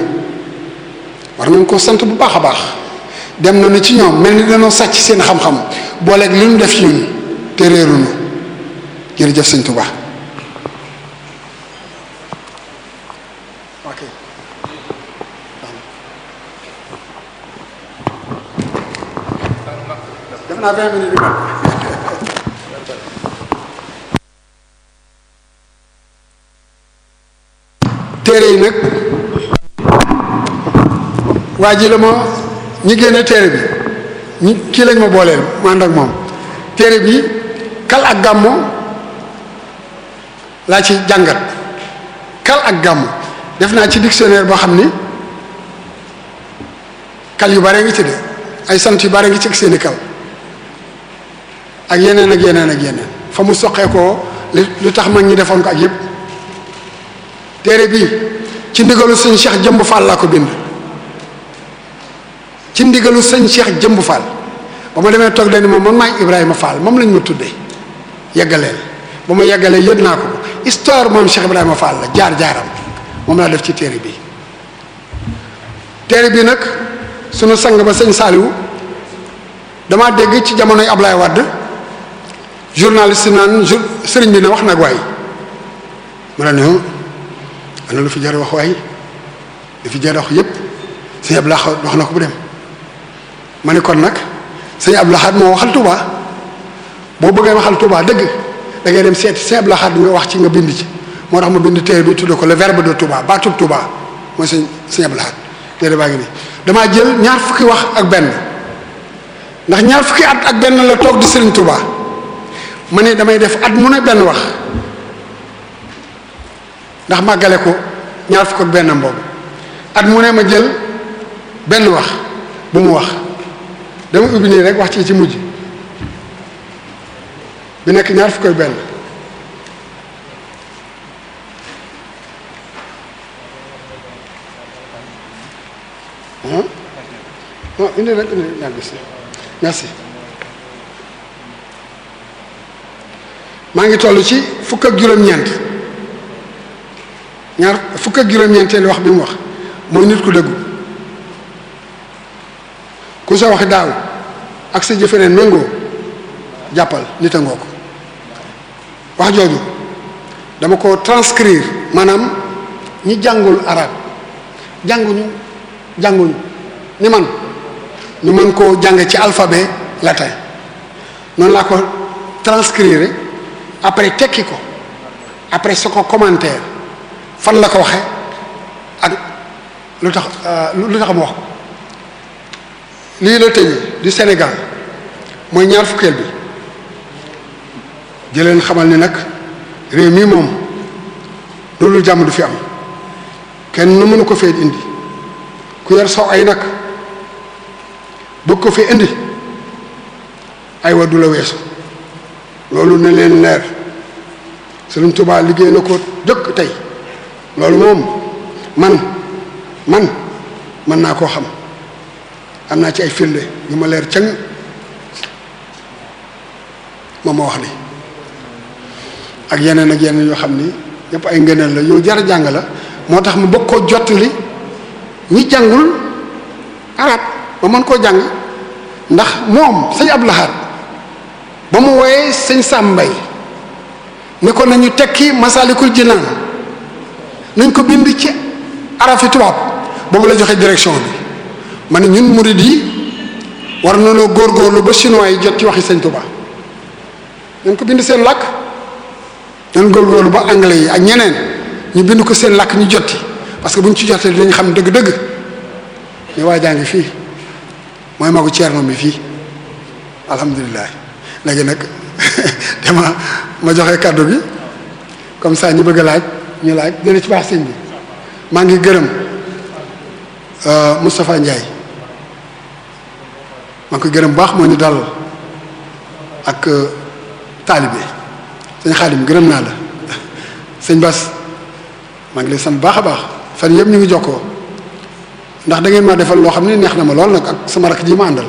[SPEAKER 5] war nañ ko sant bu baax a baax dem na ni ci ñoom mel ni dañoo sàcc seen xam-xam booleeg li ñu def ci ñun te réeruñu jërëjëf sëñ Tuubaa ok
[SPEAKER 6] def naa vingt
[SPEAKER 5] téere yi nag waa ji la ma ñi génne téere bi ñi kii lañ ma booleel mu ànd moom téere bi kal ak gàmmo laa ci jàngat kal ak gàmmo def naa ci dictionnaire boo xam ni kal yu bare ngi ci de ay sant yu bare ngi ci seeni kal ak yeneen ak yeneen ak yeneen fa mu soqee ko li tax mag ñi defoon ko ak yépp téere bii ci ndigalu sëñ Cheikh Jëmb Fall laa ko bind ci ndigalu sëñ Cheikh Jëmb Fall ba ma demee toog dañu moom man Ibrahima Fall moom lañu ma tuddee yeggaleel ba ma yeggalee yëg naa ko histoire moom Cheikh Ibrahima Fall la jaar-jaaram moom laa def ci téere bi téere bi nag sunu sang ba sëñ saaliwu damaa dégg ci jamonoy Ablaye Wade journaliste naan jour sëriñ bi na wax nag waay ma ne ana lu fi jar wax waay lu fi jar wax yépp sëñ Abdou Lahad wax na ko bu dem ma ne kon nag sëñ Abdou Lahad moo waxal Touba boo bëggee waxal tubaa dëgg da ngay dem seeti sëñ Abdou Lahad nga wax ci nga bind ci moo tax ma bind téere bi tudd ko le verbe de Touba baatub Touba mooy sëñ sëñ Abdou Lahad téere baa ngi nii damaa jël ñaar fukki wax ak benn ndax ñaar fukki at ak benn la toog di Serigne Touba ma ne damay def at mu ne benn wax ndax màggale ko ñaar fukk ak benn mboobu at mu ne ma jël benn wax bu mu wax dama ubbi nii rek wax ci ci mujj bi nekk ñaar fukk ak benn non ah, indi merci maa ngi tollu ci fukk ak juróom-ñeent ñaar fukk ak juróom-ñeenteelu wax bi mu wax mooy nit ku dëggu ku sa wax daaw ak sa jëfeneen méngoo jàppal nit a ngoo ko wax jooju dama ko transcrire maanaam ñi jàngul arab jànguñu jànguñu ni man ñu mën koo jànge ci alphabet latin noonu laa ko transcrire après tekki ko après sa ko commentaire fan la ko waxe ak lu tax euh, lu tax mu wax ko lii la tëjee di Sénégal mooy ñaar fukkeel bi jëleen xamal ni nag réew mi moom loolu jàmm du fi am kenn nu mënu ko fee indi ku yor saw ay nag bëgg ko fi indi ay wa du la weesu loolu na leen leer Sëriñ Tuubaa liggéey na ko jëkk tey loolu moom man man mën naa koo xam am naa ci ay firnde yu ma leer cang moom ma wax li ak yeneen ak yeneen yoo xam ni yëpp ay ngëneel la yow jar a jàng la moo tax mu bëgg koo jottali ñi jàngul arab ba mën koo jàng ndax moom sëñ Abdou Lahad ba mu wooyee sëñ Sàmbay ne ko nañu tekki Masaalikul Jinaan nañ ko bind ci arafi tubaab ba la joxee direction bi ma ne ñun murid yi war góor góorgóorlu ba chinois yi jot ci waxi sëñ Tuubaa nañ ko bind seen làkk nañ góorgóorlu ba anglais yi ak ñeneen ñu bind ko seen làkk ñu jotti parce que bu ñu ci jotee dinañ xam dëgg-dëgg ñu waajaa ngi fii mooy magu Ceerno bi fii alhamdulilah léegi nag dama ma joxe kàddu bi comme ça ñu bëgg a laaj ñu laaj dana ci baax sëñ bi maa ngi gërëm euh, mustafaa njaay maa ngi ko gërëm baax moo ñu dalal ak euh, taalibe sëñ Xaadim gërëm naa la sëñ Bas maa ngi lay sant baax a baax sañ yëpp ñu ngi jokkoo ndax da ngeen ma defal loo xam ne neex na ma lool nag ak sama rakk ji ma àndal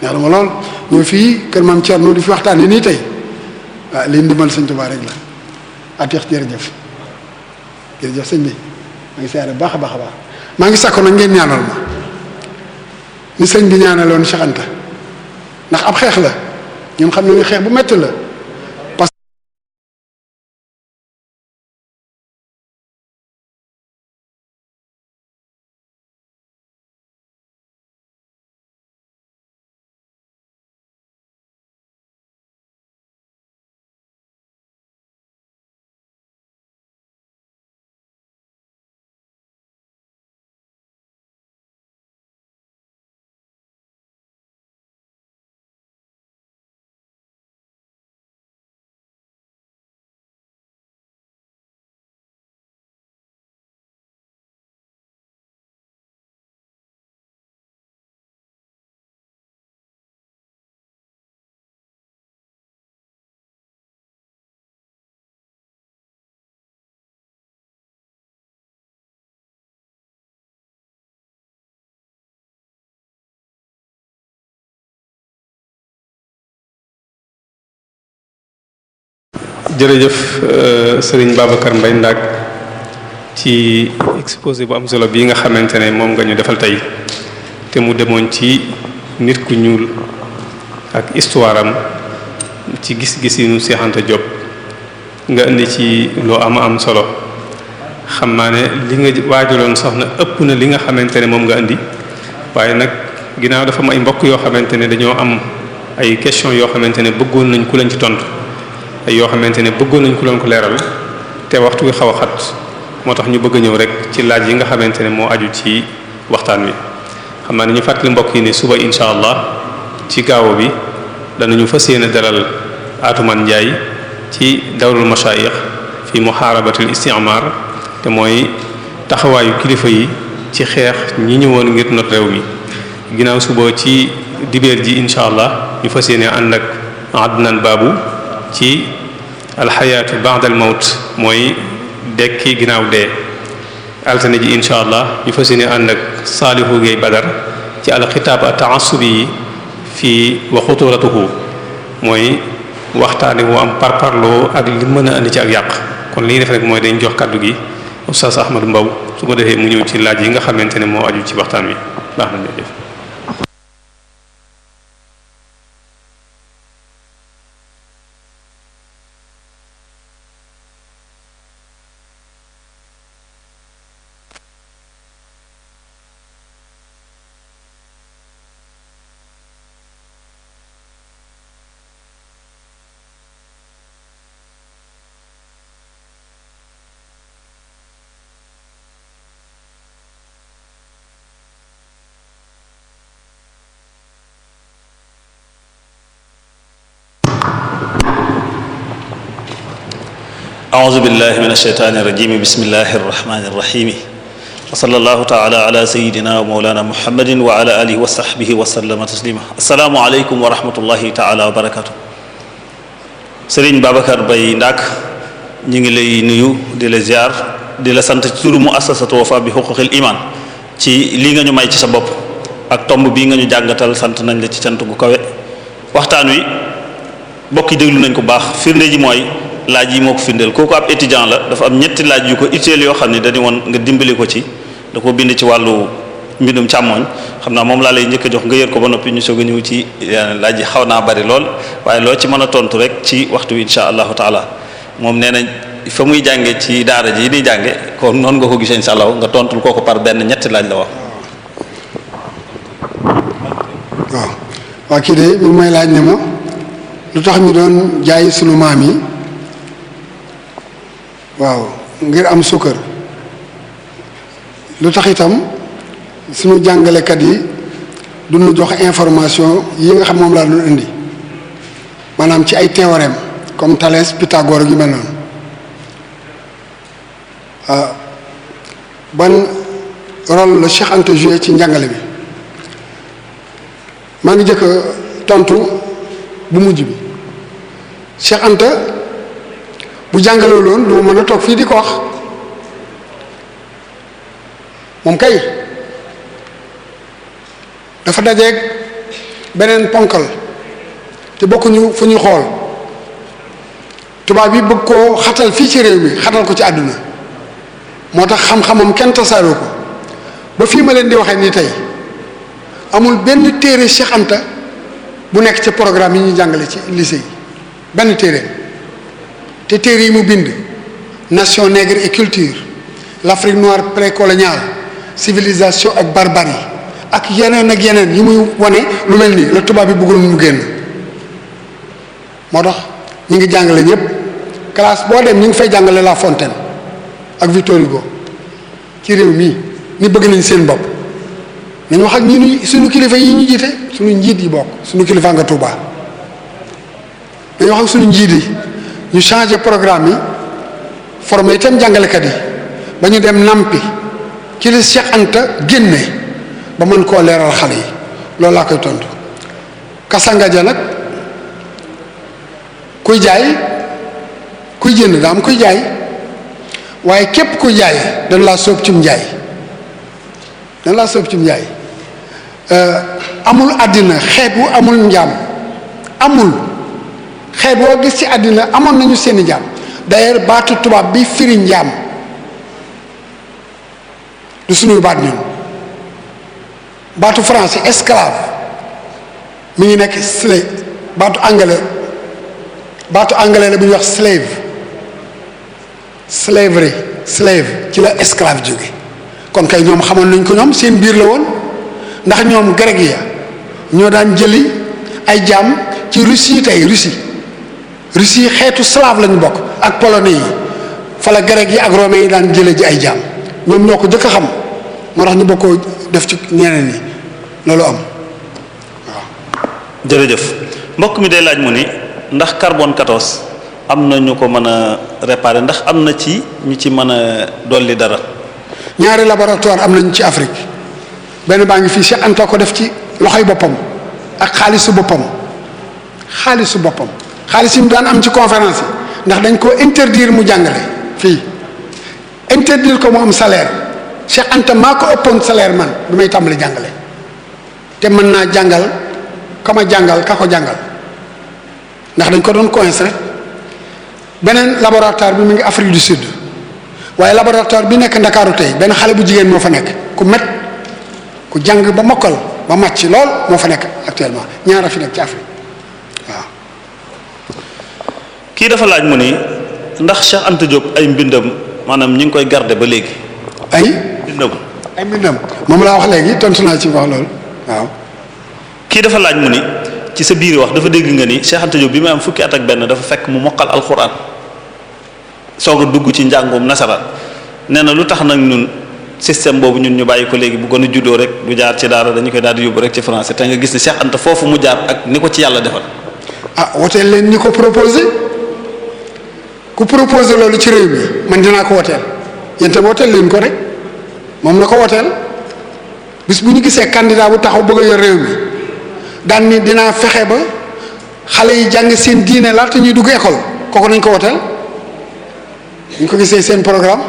[SPEAKER 5] neex na ma lool ñoo fii kër maam Thierno di fi waxtaan yi nii tey waaw li ndimbal sëñ Tuubaa rek la ateex jërëjëf jox sëñ bi maa ngi siyaare baax a baax a baax maa ngi sàkkoon nag ngeen ñaanal ma
[SPEAKER 6] ni sëñ bi ñaanaloon Cheikh ndax ab xeex la ñun xam nañu xeex bu metti la
[SPEAKER 7] jërëjëf euh, sëriñ Babacar mbay Ndaak ci exposé bu am solo bii nga xamante ne moom nga ñu defal tey te mu demoon ci nit ku ñuul ak histoire am ci gis-gis seexante ñu nga indi ci loo am am solo xam naa ne li nga waajaloon soxna ëpp na li nga xamante ne moom nga indi waaye nag ginnaaw dafa am ay mbokk yoo xamante ne dañoo am ay question yoo xamante ne bëggoon nañ ku lañ ci tontu. yoo xamante ne bëggoon nañ ko doon ko leeral te waxtu wi xaw a xat moo tax ñu bëgg ñëw rek ci laaj yi nga xamante ne moo aju ci waxtaan wi xam naa ne ñu fàttali mbokk yi ne suba incha allah ci gaaw bi danañu fas yéene dalal Atuman Ndiaye ci dawrul mashaayix fi muhaarabatul istimar te mooy taxawaayu kilifa yi ci xeex ñi ñëwoon ngir not réew mi ginnaaw suba ci dibeer ji incha ñu fas yéene ànd ak Adnan Babu ci alxayaatu ba'dal mawt mooy dekki ginnaaw de altine ji insha allah ñu fa yéene ànd ak Salihu Gueye Badar ci alxitaab at-ta'assubi yi fii wa xuturatuhu mooy waxtaane wu am par parloo ak li mën a indi ci ak yàq kon li ñu def rek mooy dañ jox kàddu gi Oustaz Ahmadu Mbaw su ko defee mu ñëw ci laaj yi nga xamante ne moo aju ci waxtaan wi
[SPEAKER 8] billahi min alsheytaani irajimi bismillahi arrahmani irrahimi wa sala allahu taala ala sayidina wa mawlana muhammadin wa ala alihi wa sahbihi wa sallama taslima assalaamu aleykum wa rahmatullahi taala wa barakatuh sëriñ Babacar Bay Ndaak ñu ngi lay nuyu di la ziar di la sant ci turu mu assasatu Wafa bi xuquqil iman ci lii nga ñu may ci sa bopp ak tomb bii nga ñu jàngatal sant nañ la ci cant gu kawe waxtaan wi bokki déglu nañ ko baax firnde ji mooy laaj yi moo ko firndeel kooku ab étudiant la dafa am ñetti laaj yu ko utile yoo xam ne dañu woon nga dimbali ko ci da ko bind ci wàllu mbindum càmmooñ xam naa moom laa lay njëkk jox nga yër ko ba noppi ñu soog a ñëw ci eh, laaj yi xaw naa bari lool waaye loo ci mën a tontu rek ci waxtu wi incha allahu taala moom nee na fa muy jànge ci daara ji di jànge kon noonu nga ko gisee incha allah nga tontul kooku par benn ñetti laaj la wax.
[SPEAKER 5] waaw waa kii de mi may laaj ne ma lu tax ñu doon jaay sunu yi. waaw ngir am sukkar lu taxitam itam suñu jàngalekat yi duñu jox information yi nga xam moom laa doon indi maanaam ci ay théorème comme Thalès Pythagore yu mel noonu ah ban rôle la Cheikh Anta ci njàngale bi maa ngi jëkk tontu bu mujj bi Cheikh bu jàngalewu loon du mën a toog fii di ko wax moom kay dafa dajeeg beneen ponkal te bokkuñu fu ñuy xool tubaab yi bëgg koo xatal fii ci réew bi xatal ko ci àdduna moo tax xam-xamam kenn tasaaroo ko ba fii ma leen di waxee nii tey amul benn téere Cheikh bu nekk ci programme yi ñu jàngale ci lycée yi benn téere te téere yi mu bind nation nègre et culture l'Afrique noire précoloniale civilisation ak barbarie ak yeneen ak yeneen yi muy wane lu mel nii la tubaab yi bëggul mu génn moo tax ñu ngi jàngale ñëpp classe boo dem ñu ngi fay jàngale La Fontaine ak Victor Hugo ci réew mii ni bëgg nañ seen bopp nañ wax ak ñi suñu kilifa yi ñu jiite suñu njiit yi bokk suñu kilifa nga Touba dañu wax ak suñu njiit yi ñu changé programme yi formé itam jàngalekat yi ba ñu dem nampi ci li Cheikh Anta génne ba mën koo leeral xale yi loolu laa koy tontu kasanga ja nag kuy jaay kuy jënd daa kuy jaay waaye képp kuy jaay dañ laa sóob cim njaay dañ laa sóob cim njaay euh, amul àddina xeebu amul njaam amul xeet woo gis ci àddina amoon nañu seeni jàmm d'ailleurs baatu tubaab bi firi jàmm du suñuy baat ñoom baatu français esclave mi ngi nekk slave baatu anglais baatu anglais la bu ñuy wax slave slavery slave ci la esclave jóge kon kay ñoom xamoon nañ ko ñoom seen biir la woon ndax ñoom grec ya ñoo daan jëli ay jaam ci Russie tey Russie Russes yi xeetu slave lañu bokk ak polonais yi fala grec yi ak romains yi daan jëlee ji ay jaam ñoom ñoo ko jëkk a xam moo tax ñu bokkoo def ci ñeneen yi loolu am
[SPEAKER 8] waaw. jërëjëf mbokk mi day laaj mu ni ndax carbone 14 am na ñu ko mën a réparer ndax am na ci ñu ci mën a dolli dara.
[SPEAKER 5] ñaari laboratoire am nañu ci Afrique benn baa ngi fii Cheikh Anta ko def ci loxoy boppam ak su boppam xaalisu boppam. xaalis yi mu daan am ci conférence ndax dañ koo interdire mu jàngale fii interdire ko mu am salaire Cheikh Anta maa ko ëppoon salaire man bi may tàmbali jàngale te mën naa jàngal ka ma jàngal ka ko jàngal ndax dañ ko doon coince rek beneen laboratoire bi mu ngi Afrique du Sud waaye laboratoire bi nekk Ndakaaru tey benn xale bu jigéen moo fa nekk ku met ku jàng ba mokkal ba màcc lool moo fa nekk actuellement ñaara fi nekk ci Afrique
[SPEAKER 8] kii dafa laaj mu ni ndax Cheikh Anta Diop ay mbindam maanaam ñi ngi koy garde ba léegi. ay mbindam
[SPEAKER 5] ay mbindam moom laa wax léegi tontu naa ci wax loolu
[SPEAKER 8] waaw. kii dafa laaj mu ni ci sa biir wax dafa dégg nga ni Cheikh Anta Diop bi ma am fukki at ak benn dafa fekk mu mokkal alxuraan soog a dugg ci njàngum nasaraan nee na lu tax nag ñun système boobu ñun ñu bàyyi ko léegi bu gën a rek du jaar ci daara dañu koy daal yóbbu rek ci français te nga gis ne Cheikh Anta foofu mu jaar ak ni ko ci yàlla defal.
[SPEAKER 5] Ah, ku proposé loolu ci réew mi man dinaa ko woteel yéen tam woteel leen ko rek moom na ko woteel bis bu ñu gisee candidat bu taxaw bëgg a yor réew mi daan ni dinaa fexe ba xale yi jàng seen diine laata ñuy dugg école kooku nañ ko woteel ñu ko gisee seen programme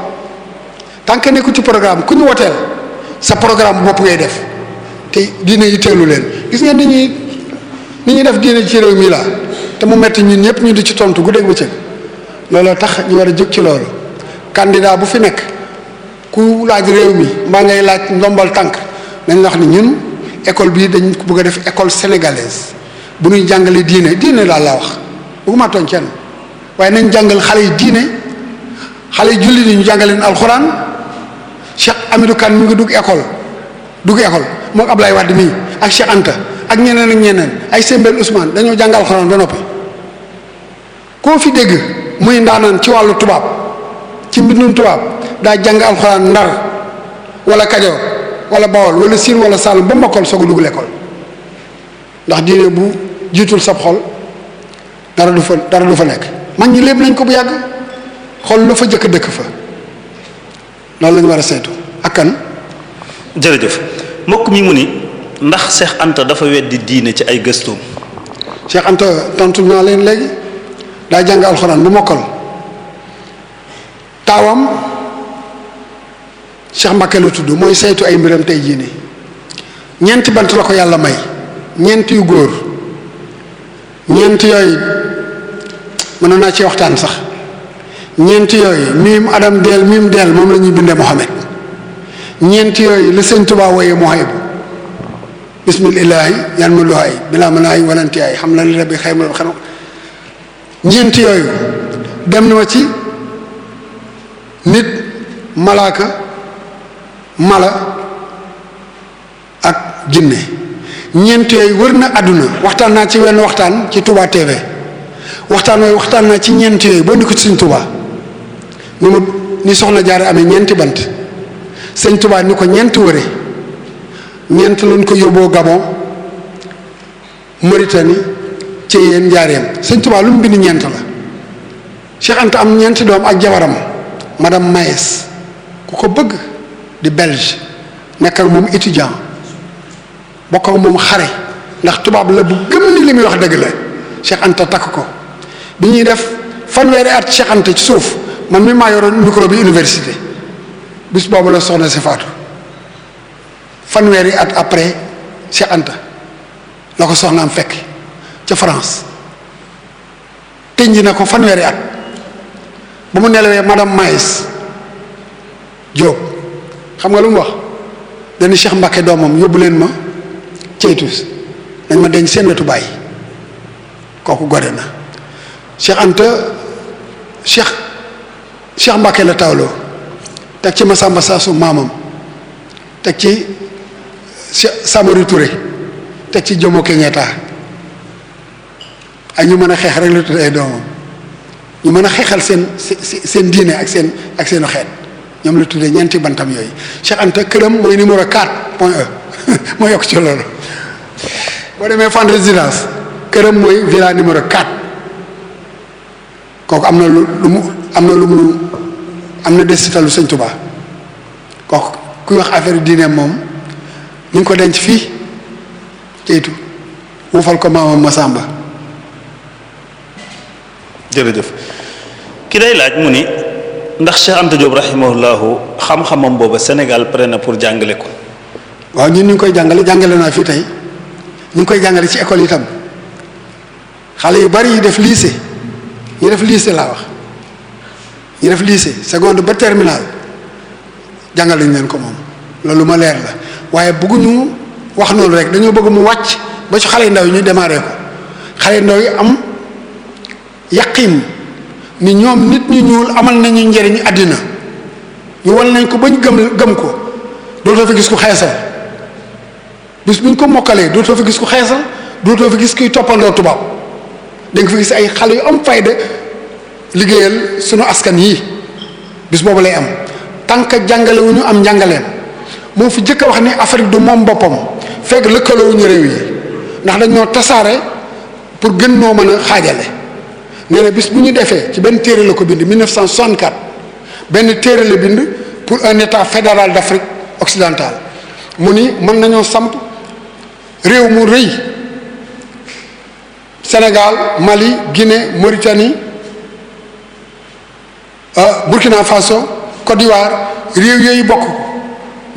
[SPEAKER 5] tant que nekku ci programme ku ñu woteel sa programme bopp ngay def te diine yi teelu leen gis ngeen dañuy ni ñuy def diine ci réew mi la te mu metti ñun ñëpp ñu di ci tontu ku guddeeg bëccëg looloo tax ñu war a jóg ci loolu candidat bu fi nekk ku laaj réew mi mbaa ngay laaj ndombal tànk nañ wax ni ñun école bii dañ bëgg a def école sénégalaise bu ñuy jàngale diine diine daal laa wax bëgguma tooñ kenn waaye nañ jàngal xale yi diine xale yi julli ni ñu jàngaleen alxuraan Cheikh Amidou Kane mu ngi dugg école dugg école moom Ablaye Wade mii ak Cheikh Anta ak ñeneen ak ñeneen ay Sembène Ousmane dañoo jàng alxuraan ba noppi koo fi dégg muy ndaanaan ci wàllu tubaab ci mbindum tubaab daa jàng alxuraan ndar wala kajoor wala bawol wala siin walla saalum ba mokkoon soog a dugg l'école ndax diine bu jiitul sab xol dara du fa dara du fa nekk mag lépp nañ ko bu yàgg xol la fa jëkk dëkk fa loolu la war a saytu ak
[SPEAKER 8] jërëjëf mbokk mi mu ni ndax Cheikh Anta dafa weddi diine ci ay gëstoom
[SPEAKER 5] Cheikh Anta tontu naa leen léegi daa jàng alxuraan bu mokkal taawam Cheikh Mbakke la tudd mooy saytu ay mbiram tey jii nii ñeenti bant la ko yàlla may ñeenti yu góor ñeenti yooyu mënoon naa ci waxtaan sax ñeenti yooyu miim adam deel miim deel moom lañuy ñuy bindee Mohamed ñeenti yooyu la sëñ Tuubaa wooyee Mouhaïbou bismillaahi yan ma luhaay bilaa ma naay walanti ay xam la li rabbi xayma xam njint yooyu dem na ci nit malaaka mala ak jinne ñeent yooyu wër na àdduna waxtaan naa ci wenn waxtaan ci Touba TV waxtaan wooyu waxtaan naa ci ñeent yooyu boo ni ko ci sëñ Touba ni mu ni soxna jaare amee ñeenti bant sëñ Touba ni ko ñeent wëre ñeent lañ ko yóbboo Gabon Mauritanie ci yéen njaareem sëñ Tuubaa lu mu bind ñeent la Cheikh Anta am ñeenti doom ak jabaram madame Maes ku ko bëgg di belge nekk ak moom étudiant bokk ak moom xare ndax tubaab la bu gëm ni li muy wax dëgg la Cheikh takk ko bi ñuy def fanweeri at Cheikh ci suuf man mi maa yoroon micro bi université bis boobu la soxna si faatu fanweeri at après Cheikh Anta la ko soxna soxnaam fekk ca France tënji na ko fanweeri at ba mu nelawee madame Maïs Diop xam nga lu mu wax dañu Cheikh Mbacke doomam yóbbu leen ma ceytus dañ ma denc seen wetu bàyyi kooku gode na Cheikh Anta Cheikh Cheikh Mbacke la tawloo teg ci Massamba Sassou maamam teg ci Samori Touré teg ci Jomo Kenyatta ak ñu mën a xeex rek la mën a xeexal seen seen diine ak seen ak seenu xeet ñoom la tuddee ñeenti bantam yooyu Cheikh këram mooy numéro 4 point moo yokk ci loolu boo demee Fann Résidence këram mooy villa numéro 4 kooku am na lu lu mu am na lu mu am na desitalu sëñ Touba kooku kuy wax affaire diine moom ñu ko denc fii ceytu wufal ko maamam Masamba
[SPEAKER 8] jërëjëf ki day laaj mu ni ndax Cheikh Anta Diop rahimahullahu xam-xamam booba Sénégal pare na pour jàngale ko.
[SPEAKER 5] waaw ñun ñu ngi koy jàngale jàngale naa fii tey ñu ngi koy jàngale ci école yi tam xale yu bari yu def lycée ñu def lycée laa wax ñu def lycée seconde ba terminale jàngale nañ leen ko moom loolu ma leer la waaye bëgguñu wax noonu rek dañoo bëgg mu wàcc ba ci xale yu ndaw yi ñu démarré ko xale yu ndaw yi am. yaqim ni ñoom nit ñu ñuul amal nañu njariñ àddina ñu wal nañ ko ba ñu gëm gëm ko dootoo fi gis ku xeesal bis buñ ko mokkalee dootoo fi gis ku xeesal dootoo fi gis kuy toppandoo tubaab da nga fi gis ay xale yu am fayda liggéeyal sunu askan yi bis boobu lay am tànk jàngale wu ñu am njàngaleem moo fi jëkk a wax ni Afrique du moom boppam fekk lëkkaloo wu ñu réew yi ndax dañoo tasaare pour gën noo mën a xaajale nee bis bu ñu defee ci benn téere la ko bind 1964 benn téere la bind pour un état fédéral d'Afrique occidentale mu ni mën nañoo samp réew mu rëy Sénégal Mali Guinée Mauritanie euh, Burkina Faso Côte d'Ivoire réew yooyu bokk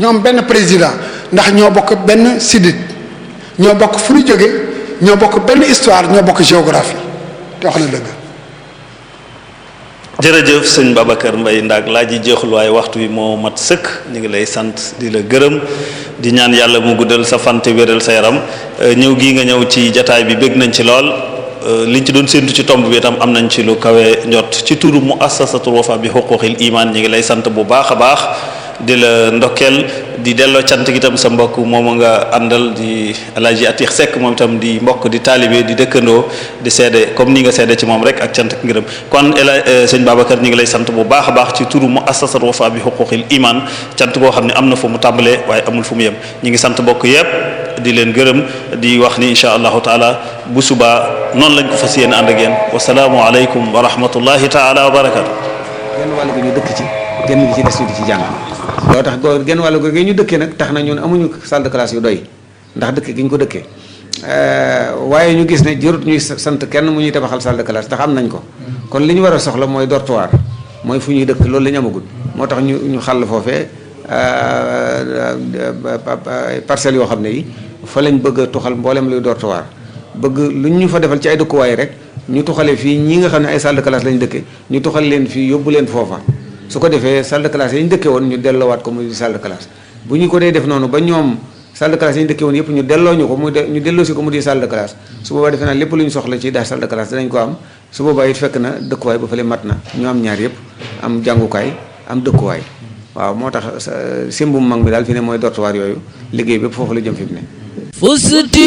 [SPEAKER 5] ñoom benn président ndax ñoo bokk benn sidit ñoo bokk fu ñu jóge ñoo bokk benn histoire ñoo bokk géographie te wax na dëgg.
[SPEAKER 8] jërëjëf sëñ Babacar Mbaye ndaag laa ji jeexul waaye waxtu wi moo mat sëkk ñu ngi lay sant di la gërëm di ñaan yàlla mu guddal sa fante wéral sa yaram euh, ñëw gii nga ñëw ci jataay bi bëgg nañ ci lool euh, liñ ci doon séntu ci tomb bi itam am nañ ci lu kawe njot ci turu mu assasatul wafa bi xuquqil iman ñu ngi lay sant bu baax a baax di la ndokkeel di delloo cant gi tam sa mbokk moom nga àndal di Alaaji Atiq Seck moom itam di mbokk di taalibe di dëkkandoo di seede comme ni nga seede ci moom rek ak cant ak ngërëm kon El eh, sëñ Babacar ñu ngi lay sant bu baax a baax ci turu mu asasat wafa bi xuquqil iman cant boo xam ne am na fa mu tàmbalee waaye amul fa mu yem ñu ngi sant bokk yépp di leen gërëm di wax ni incha allahu taala bu subaa noonu lañ ko fas yéene ànd ak yéen wasalaamualeykum wa rahmatullahi taala
[SPEAKER 1] genn gi ci des ñu di ci jàng loo tax goo genn wàll googee ñu dëkke nag tax na ñun amuñu salle de yu doy ndax dëkk gi ñu ko dëkkee euh, waaye ñu gis ne jërut ñuy sant kenn mu ñuy tabaxal salle de classe ndax am nañ ko kon li ñu war a soxla mooy dortoir mooy fu ñuy dëkk loolu la ñu amagul moo tax ñu ñu xàll foofee euh, parcelles yoo xam ne yi fa lañ bëgg a tuxal mbooleem luy dortoir bëgg lu ñu fa defal ci ay dëkkuwaay rek ñu tuxale fii ñi nga xam ne ay salle de classe ñu tuxal leen fii yóbbu leen foofa su ko defee salle de classe yi ñu dëkkee woon ñu delloowaat ko muy salle de classe bu ñu ko dee def noonu ba ñoom salle de classe yi ñu dëkkee woon yëpp ñu delloo ñu ko muy ñu delloo si ko mu di salle de classe su boobaa defe naa lépp lu ñu soxla ci daal salle de classe ko am su boobaa fekk na dëkkuwaay ba fële mat na ñu am ñaar yëpp am jàngukaay am dëkkuwaay waaw moo tax simbum mag mi daal fi ne mooy dortoir yooyu liggéey bépp foofu la jëm fi mu ne
[SPEAKER 6] fusti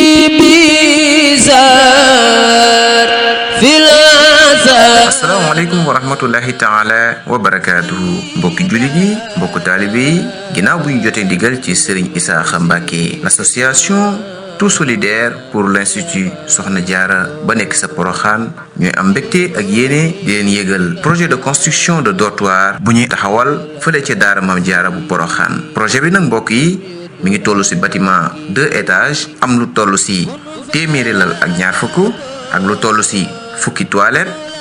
[SPEAKER 2] asalaamaaleykum wa rahmatullahi taala wa mbokki jullit yi mbokk taalibe yi ginnaaw bu ñu jotee ndigal ci Serigne Isaaxa Mbàkke l'association tout solidaire pour l'institut Soxna Jaara ba nekk sa Poroxaan ñooy am mbégte ak yéene di leen yégal projet de construction de dortoir bu ñuy taxawal fële ca daara Maam Jaara bu Poroxaan projet bi nag mbokk yi mu ngi toll ci bâtiment deux étages am lu toll ci téeméeri lal ak ñaar fukk ak lu toll ci fukki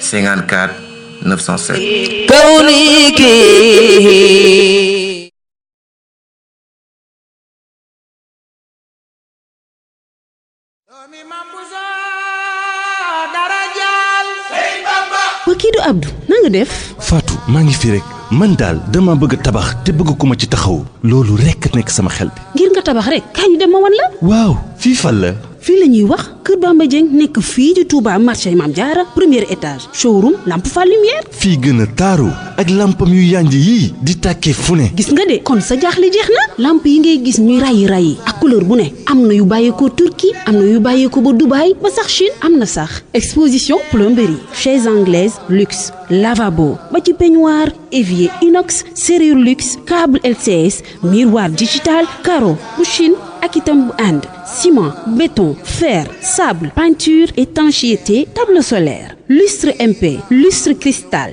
[SPEAKER 6] 54 907 kawniki
[SPEAKER 4] def.
[SPEAKER 3] Fatou maa ngi fi rek man daal dama bëgg tabax te bëgg ku ma ci taxaw loolu rek nekk sama xel bi.
[SPEAKER 4] ngir nga tabax rek kaay dem ma wan la.
[SPEAKER 3] waaw fii fan la.
[SPEAKER 4] fii la ñuy wax Kër Bamba nekk fii ci Touba marché Mame Diarra premier étage
[SPEAKER 3] showroom lampe fa lumière. fii gën a taaru ak lampam yu yànj yii di tàkkee fu ne.
[SPEAKER 4] gis nga de kon sa jaaxle jeex na lamp yi ngay gis ñuy rayi rayi ak couleur bu ne am na yu bàyyeekoo Turquie am na yu bàyyeekoo ba Dubaï ba sax Chine am na sax exposition plomberie chaise anglaise luxe lavabo ba ci peignoir évier inox serrure luxe câble LCS miroir digital carreau bu ak itam bu Inde. ciment, béton, fer, sable, peinture, étanchéité, table solaire, lustre MP, lustre cristal,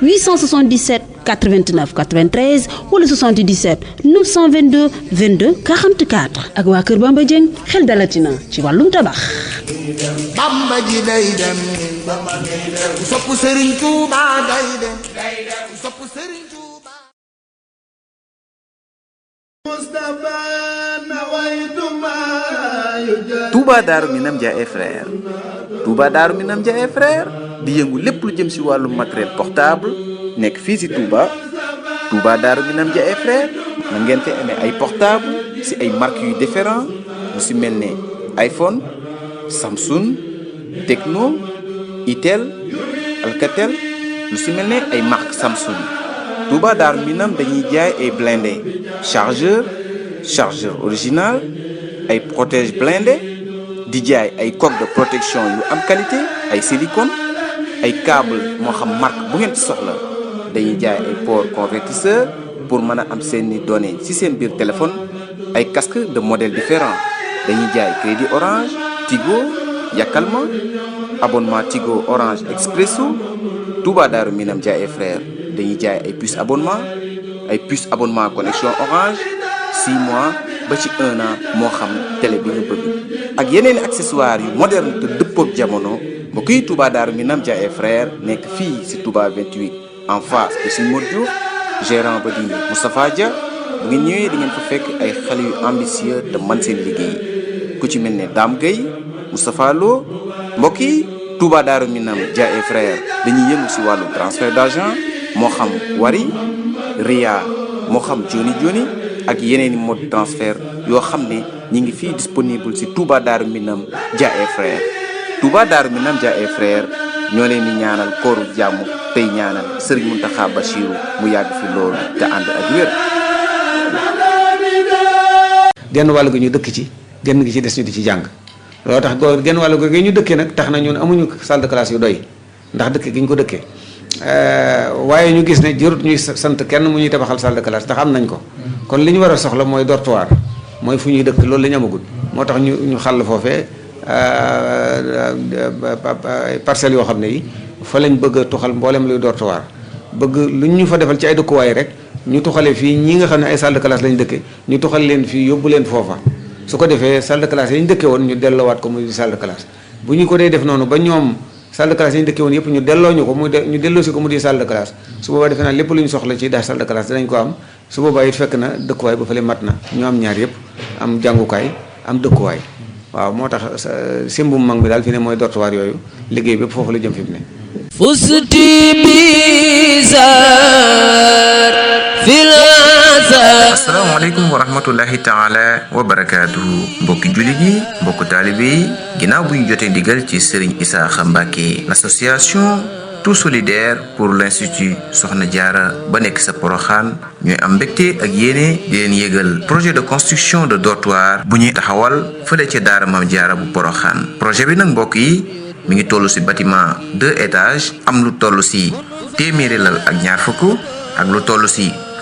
[SPEAKER 4] 877 89 93 wala 77 922 22 44 ak waa Kër Bamba Dieng xel dalatina ci wàllum tabax.
[SPEAKER 6] Bamba ji day dem. Bamba day dem. sopp day dem. day dem sopp
[SPEAKER 2] Touba daaru Minam ja et frères Touba Minam Dia et di yëngu lépp lu jëm ci wàllu matériel portable nekk fii ci Touba Touba Darou Minam Dia et frères na amee ay portable ci ay marques yu différent lu ci mel ne iPhone Samsung Tecno Itel Alcatel lu ci mel ne ay marques Samsung. Touba Darou Minam dañuy jaay ay blindé chargeur chargeur original ay protège blindé di jaay ay coque de protection yu am qualité ay silicone ay câble moo xam marque bu ngeen soxla dañuy jaay ay port convertisseur pour mën a am seeni données ci seen biir téléphone ay casque de modèle différent dañuy jaay crédit orange Tigo Yakalma abonnement Tigo orange expresso Touba Darou Minam jaay ay frère dañuy jaay ay puces abonnement ay puces abonnement connexion orange 6 mois ba ci 1 an moo xam télé bi nga bëgg ak yeneen accessoires yu moderne te dëppoog jamono mbokk yi Touba Darou Minam Dia et frère nekk fii si Touba 28 en face de suñu Modou gérant ba di Moustapha Dia bu ngeen ñëwee di ngeen fa fekk ay xale yu ambitieux te man seen liggéey ku ci mel ne Dame Gueye Moustapha Lo mbokk yi Touba Darou Minam Dia et frère dañuy yëngu si wàllu transfert moo xam wari ria moo xam joni joni ak yeneeni i mode yoo xam ne ñi ngi fi disponible si Touba Darou Minam Dia et Frères Touba Darou Minam Dia et ñoo leen di ñaanal kooru jàmm tey ñaanal Serigne
[SPEAKER 1] Mountakha Bachirou mu yàgg fi loolu te ànd ak wér. genn wàll gi ñu dëkk ci genn gi ci des ñu di ci jàng loolu tax genn wàll gi ñu dëkkee nag tax na ñun amuñu salle de classe yu doy ndax dëkk gi ñu ko dëkkee. Euh, waaye ñu gis ne jërut ñuy sant kenn mu ñuy tabaxal salle de classe ndax am nañ ko kon li ñu war a soxla mooy dortoir mooy fu ñuy dëkk loolu la ñu amagul moo tax ñu ñu xàll foofee euh, parcelles yoo xam ne yi fa lañ bëgg a tuxal mboolem luy dortoir bëgg lu ñu fa defal ci ay dëkkuwaay rek ñu tuxale fii ñi nga xam ne ay salle de classe dëkke ñu tuxal leen fii yóbbu leen foofa su ko defee salle de classe yi dëkke woon ñu dellowaat ko muy salle de bu ñu ko dee def salle de classe yi ñu dëkkee woon yëpp ñu delloo ñu ko mu de ñu delloo si ko mu di salle de su boobaa defe naa lépp lu ñu soxla ci daa salle de classe ko am su boobaa it fekk na dëkkuwaay ba fële mat na ñu am ñaar yëpp am jàngukaay am dëkkuwaay waaw moo tax simbum mag mi daal fi ne mooy dortoir yooyu liggéey bépp foofu la jëm fi ne
[SPEAKER 6] fusti bizar
[SPEAKER 1] asalaamaaleykum wa rahmatullahi
[SPEAKER 2] taala wa mbokki jullit yi mbokk taalibe yi ginnaaw bu ñu jotee ndigal ci Serigne Issakha Mbacké l'association tout solidaire pour l'institut Soxna Jaara ba nekk sa Poroxaan ñooy am mbégte ak yéene di leen yégal projet de construction de dortoir bu ñuy taxawal fële ca daara Maam Jaara bu Poroxaan projet bi nag mbokk yi mu ngi toll ci bâtiment deux étages am lu toll ci téeméeri lal ak ñaar fukk ak lu toll ci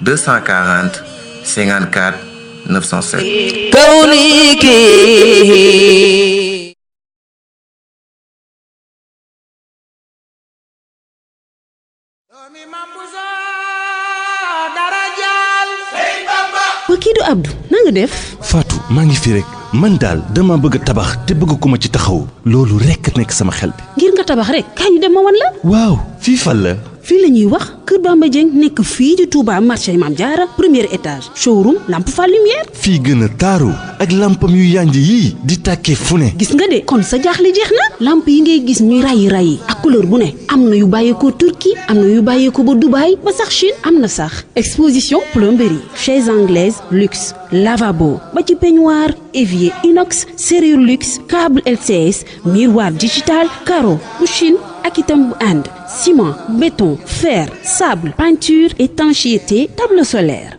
[SPEAKER 2] 240 54 907
[SPEAKER 6] kawniki waa kii def.
[SPEAKER 3] Fatou maa ngi fi rekk man daal dama bëgg tabax te bëgg ku ma ci taxaw loolu rek nekk sama xel bi.
[SPEAKER 4] ngir nga tabax rek kaay dem ma wan la.
[SPEAKER 3] waaw fii fan la.
[SPEAKER 4] fii la ñuy wax Kër Bamba nekk fii ci Touba marché Mame Diarra premier étage showroom lampe fa lumière.
[SPEAKER 3] fii gën a taaru ak lampam yu yànj yii di tàkkee fu ne.
[SPEAKER 4] gis nga de kon sa jaaxle jeex na lamp yi ngay gis ñuy rayi rayi ak couleur bu ne am na yu ko Turquie am na yu bàyyeekoo ba Dubaï ba sax Chine am na sax exposition plomberie chaise anglaise luxe. lavabo ba ci peignoir évier inox serrure luxe câble LCS miroir digital carreau bu Chine ak itam bu ànd ciment béton fer sable peinture étanchéité table solaire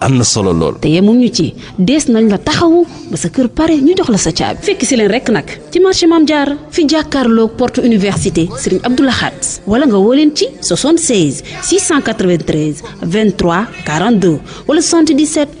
[SPEAKER 3] am na solo lool. te yemum ñu ci
[SPEAKER 4] dees nañ la taxawu ba sa kër pare ñu jox la sa caabi. fekk si leen rek nag ci marché Mame jaar fi jàkkaarloog porte université Serigne Abdou Lahad wala nga woo leen ci 76 693 23 42 wala 77.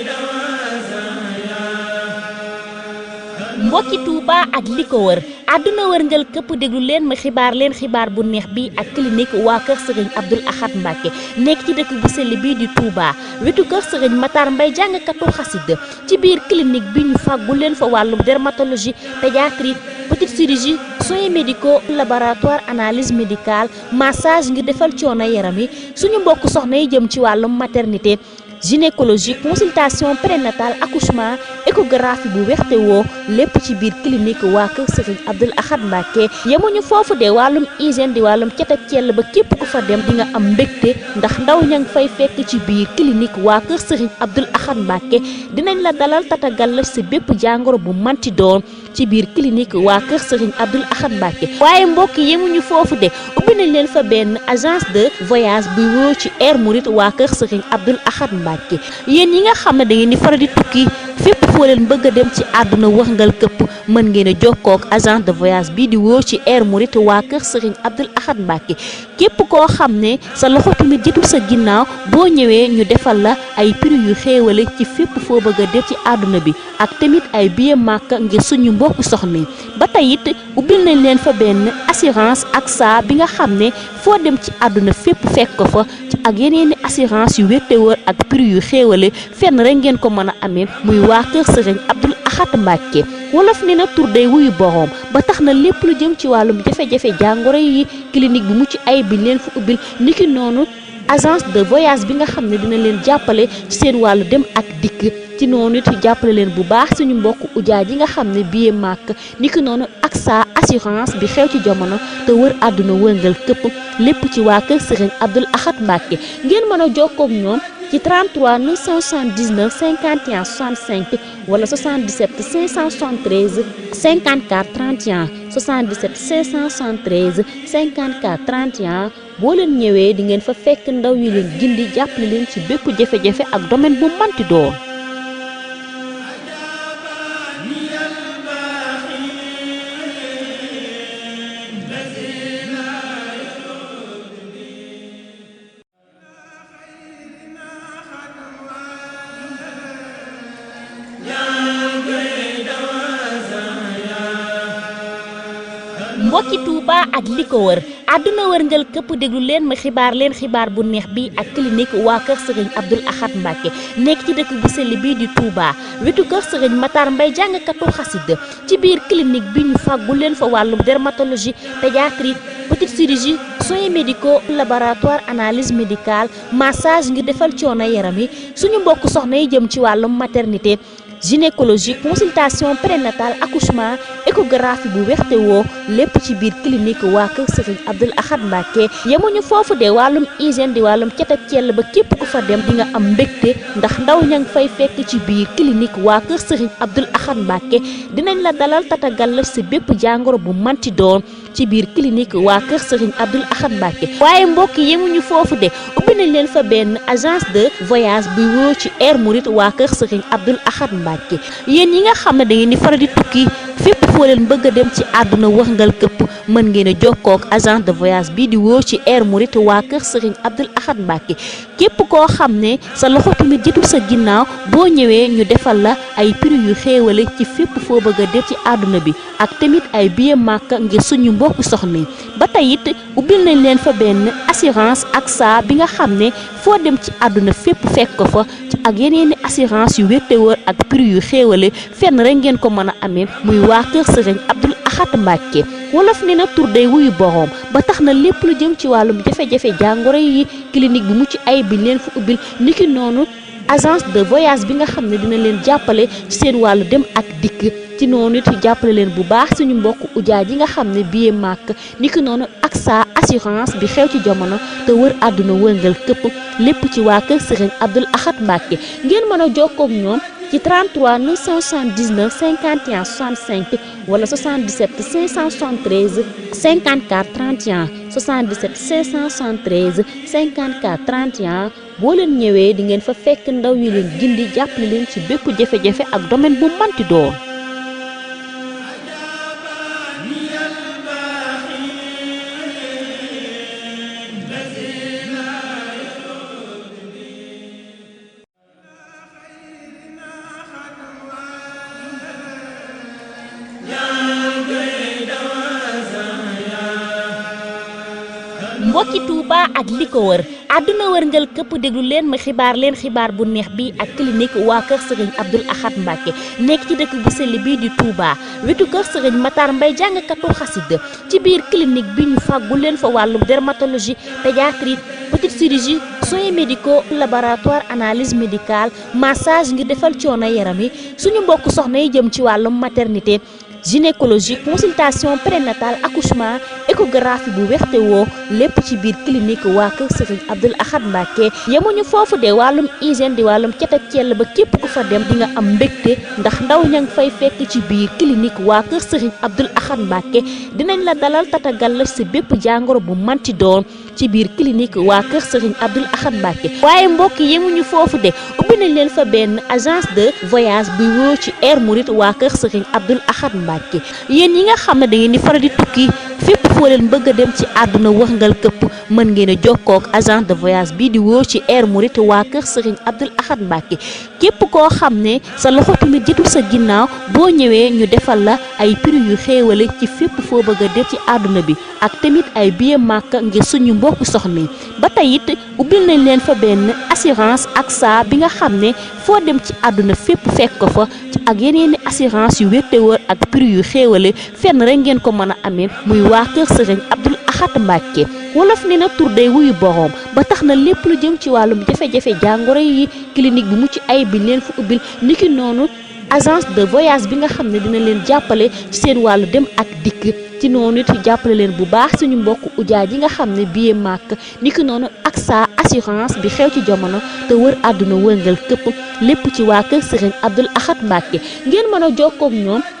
[SPEAKER 9] mbokki Touba ak li ko wër àdduna wërngal këpp déglu leen ma xibaar leen xibaar bu neex bi ak clinique waa kër sëriñ Abdoul Ahad Mbacke nekk ci dëkk bu sell bii di Touba wetu kër sëriñ Matar Mbay jàngkatu xasida ci biir clinique bi ñu fàggu leen fa wàllu dermatologie pédiatrie petite chirurgie soins médicaux laboratoire analyse médicale massage ngir defal coono yaram yi suñu mbokk soxna yi jëm ci wàllum maternité gynécologie consultation prénatale accouchement échographie bu wexte woo lépp ci biir clinique waa kër Serigne Abdoul Ahad Mbacké yemuñu foofu de wàllum hygiène di wàllum cet ak cell ba képp ku fa dem di nga am mbégte ndax ndaw ña ngi fay fekk ci biir clinique waa kër Serigne Abdoul Ahad Mbacké dinañ la dalal tatagal la si bépp jàngoro bu manti doon ci biir clinique waa kër Serigne Abdoul Ahad Mbacké waaye mbokk yemuñu foofu de ubbi nañ leen fa benn agence de voyage bu woo ci air Mbacke yéen ñi nga xam ne da ngeen di faral di tukki fépp foo leen bëgg a dem ci àdduna wërngal këpp mën ngeen a jokkoo agent de voyage bii di wóor ci Air Mouride waa kër Serigne Abdoul Ahad Mbacké képp koo xam ne sa loxo tamit jotul sa ginnaaw boo ñëwee ñu defal la ay prix yu xéewale ci fépp foo bëgg a dem ci àdduna bi ak tamit ay billet màkk ngir suñu mbokku soxna yi ba tey it ubbil nañ leen fa benn assurance ak saa bi nga xam ne foo dem ci àdduna fépp fekk ko fa ak yeneeni assurance yu wéttewër ak prix yu xéewale fenn rek ngeen ko mën a amee waa kër sëriñ Abdul Ahad Mbàkke wolof ne na tur day wuyu boroom ba tax na lépp lu jëm ci wàllum jafe-jafe jàngoro yi clinique bi mucc ay bi leen fa ubbil niki noonu agence de voyage bi nga xam ne dina leen jàppale ci seen wàllu dem ak dikk ci noonu it jàppale leen bu baax suñu mbokk ujaa ji nga xam ne billet màkk niki noonu ak sa assurance bi xew ci jamono te wër àdduna wërngal këpp lépp ci waa kër sëriñ Abdul Ahad Mbàkke ngeen mën a jokkoog ñoom ci 33 979 51 65 wala 77 573 54 31 77 573 54 31 boo leen ñëwee di ngeen fa fekk ndaw yi leen gindi jàppale leen ci bépp jafe-jafe ak domaine bu manti doon mbokki Touba ak li ko wër àdduna wërngël këpp déglu leen ma xibaar leen xibaar bu neex bi ak clinique waa kër sëriñ Abdoul Ahad Mbacke nekk ci dëkk bu sell bii di Touba wetu kër sëriñ Matar Mbay jàngkatu xasida ci biir clinique bi ñu fàggu leen fa wàllum dermatologie pédiatrie petite chirurgie soins médicaux laboratoire analyse médicale massage ngir defal coono yaram yi suñu mbokk soxna yi jëm ci wàllum maternité gynécologie consultation prénatale accouchement échographie bu wexte woo lépp ci biir clinique waa kër Sëriñ Abdoul Ahad Mbacké yemuñu foofu de wàllum hygiène di wàllum cet ak cell ba képp ku fa dem di nga am mbégte ndax ndaw ña ngi fay fekk ci biir clinique waa kër Sëriñ Abdoul Ahad Mbacké dinañ la dalal tatagal la si bépp jàngoro bu manti doon ci biir clinique waa kër Serigne Abdoul Ahad Mbacké waaye mbokk ñu foofu de ubbi nañ leen fa benn agence de voyage bi wóor ci Air Mouride waa kër Serigne Abdoul Ahad Mbacké yéen yi nga xam ne da ngeen di faral di tukki fépp foo leen bëgg a dem ci àdduna wërngal këpp mën ngeen jokkook jokkoo agent de voyage bii di wóor ci Air Mouride waa kër Serigne Abdoul Ahad Mbacké képp koo xam ne sa loxo tamit jotul sa ginnaaw boo ñëwee ñu defal la ay prix yu xéewale ci fépp foo ci àdduna bi ak tamit bopp soxna yi ba tey it ubbil nañ leen fa benn assurance ak saa bi nga xam ne foo dem ci àdduna fépp fekk ko fa ak yeneen i assurance yu wette wër ak prix yu xéewale fenn rek ngeen ko mën a amee muy waa Kër Sëriñ Abdul Ahad Mbàkke wolof ne na tur day wuyu boroom ba tax na lépp lu jëm ci wàllu jafe-jafe jàngoro yi clinique bi mucc ay bi leen fa ubbil niki noonu agence de voyage bi nga xam ne dina leen jàppale ci seen wàllu dem ak dikk ci noonu it jàppale leen bu baax suñu mbokk ujaa ji nga xam ne billet màkk niki noonu ak sa assurance bi xew ci jamono te wër àdduna wërngal këpp lépp ci waa kër Serigne Abdoul Ahad Mbacke ngeen mën a jokkoo ak ñoom ci 33 979 51 65 wala 77 573 54 31 77 573 54 31 boo leen ñëwee di ngeen fa fekk ndaw yi leen gindi jàppale leen ci bépp jafe-jafe ak domaine bu manti doon Touba ak li ko wër àdduna wërngal këpp déglu leen ma xibaar leen xibaar bu neex bi ak clinique waa kër sëriñ Abdoul Ahad Mbacke nekk ci dëkk bu sell bii di Touba wetu kër sëriñ Matar Mbay jàngkatu xasida ci biir clinique bi ñu fàggu leen fa wàllu dermatologie pédiatrie petite chirurgie soins médicaux laboratoire analyse médicale massage ngir defal coono yaram yi suñu mbokk soxna yi jëm ci wàllum maternité gynécologie consultation prénatale accouchement échographie bu wexte woo lépp ci biir clinique waa kër Serigne Abdoul Ahad Mbacké yemuñu foofu de wàllum hygiène di wàllum cet ak cell ba képp ku fa dem di am mbégte ndax ndaw ña ngi fay fekk ci biir clinique waa kër Serigne Abdoul Ahad Mbacké dinañ la dalal tatagal la si bépp jàngoro bu manti doon ci biir clinique waa kër Serigne Abdoul Ahad Mbacké waaye mbokk yemuñu foofu de ubbi nañ leen fa benn agence de voyage buy wóor ci air Mouride waa kër Serigne Abdoul Ahad Mbacké yéen yi nga xam ne da ngeen di faral di tukki fépp foo leen bëgg a dem ci àdduna wërngal këpp mën ngeen a jokkoo agent de voyage bii di wóor ci Air Mouride waa kër Serigne Abdoul Ahad Mbacké képp koo xam ne sa loxo tamit jotul sa ginnaaw boo ñëwee ñu defal la ay prix yu xéewale ci fépp foo bëgg a dem ci àdduna bi ak tamit ay billet Makka ngir suñu mbokku soxna ba tey it ubbil nañ leen fa benn assurance ak saa bi nga xam ne foo dem ci àdduna fépp fekk ko fa ak yeneeni assurance yu wéttewër ak prix yu xéewale fenn rek ngeen ko mën a amee waa kër sëriñ Abdul Ahad Mbàkke wolof ne na tur day wuyu boroom ba tax na lépp lu jëm ci wàllum jafe-jafe jàngoro yi clinique bi mucc ay bi leen fu ubbil niki noonu agence de voyage bi nga xam ne dina leen jàppale ci seen wàllu dem ak dikk ci noonu it jàppale leen bu baax suñu mbokk ujaa ji nga xam ne billet màkk niki noonu ak sa assurance bi xew ci jamono te wër àdduna wërngal këpp lépp ci waa kër sëriñ Abdul Ahad Mbàkke ngeen mën a jokkook ak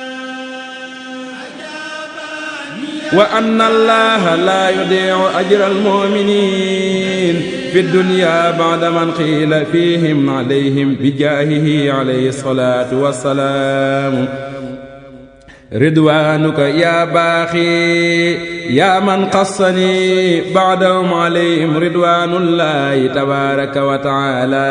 [SPEAKER 10] wa anna allaha laa yudiicu ajra almu'miniin fi dunya ba'da man qiila fihim alayhim bi jaahihi alayhi salaatu wa salaam ridwaanuka yaa baaxi yaa man xassani baadahum alayhim ridwaanullaahi tabaaraka wa taala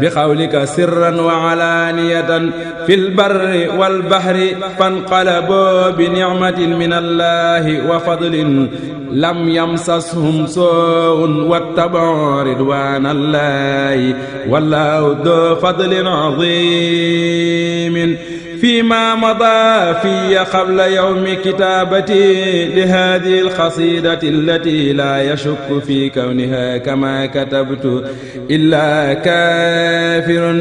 [SPEAKER 10] bi xawlika sirran wa alaaniyatan fil barri wal bahri fanqalaboo bi nicmatin min allaahi wa fadlin lam yamsashum soowun wattaboo ridwaanallaahi wallaahu doo fadlin aziimin fi ma mada fiya qabla yawmi kitaabati li haadihi alxasidati allati laa yashukku fi kawniha kama katabtu illa kafirun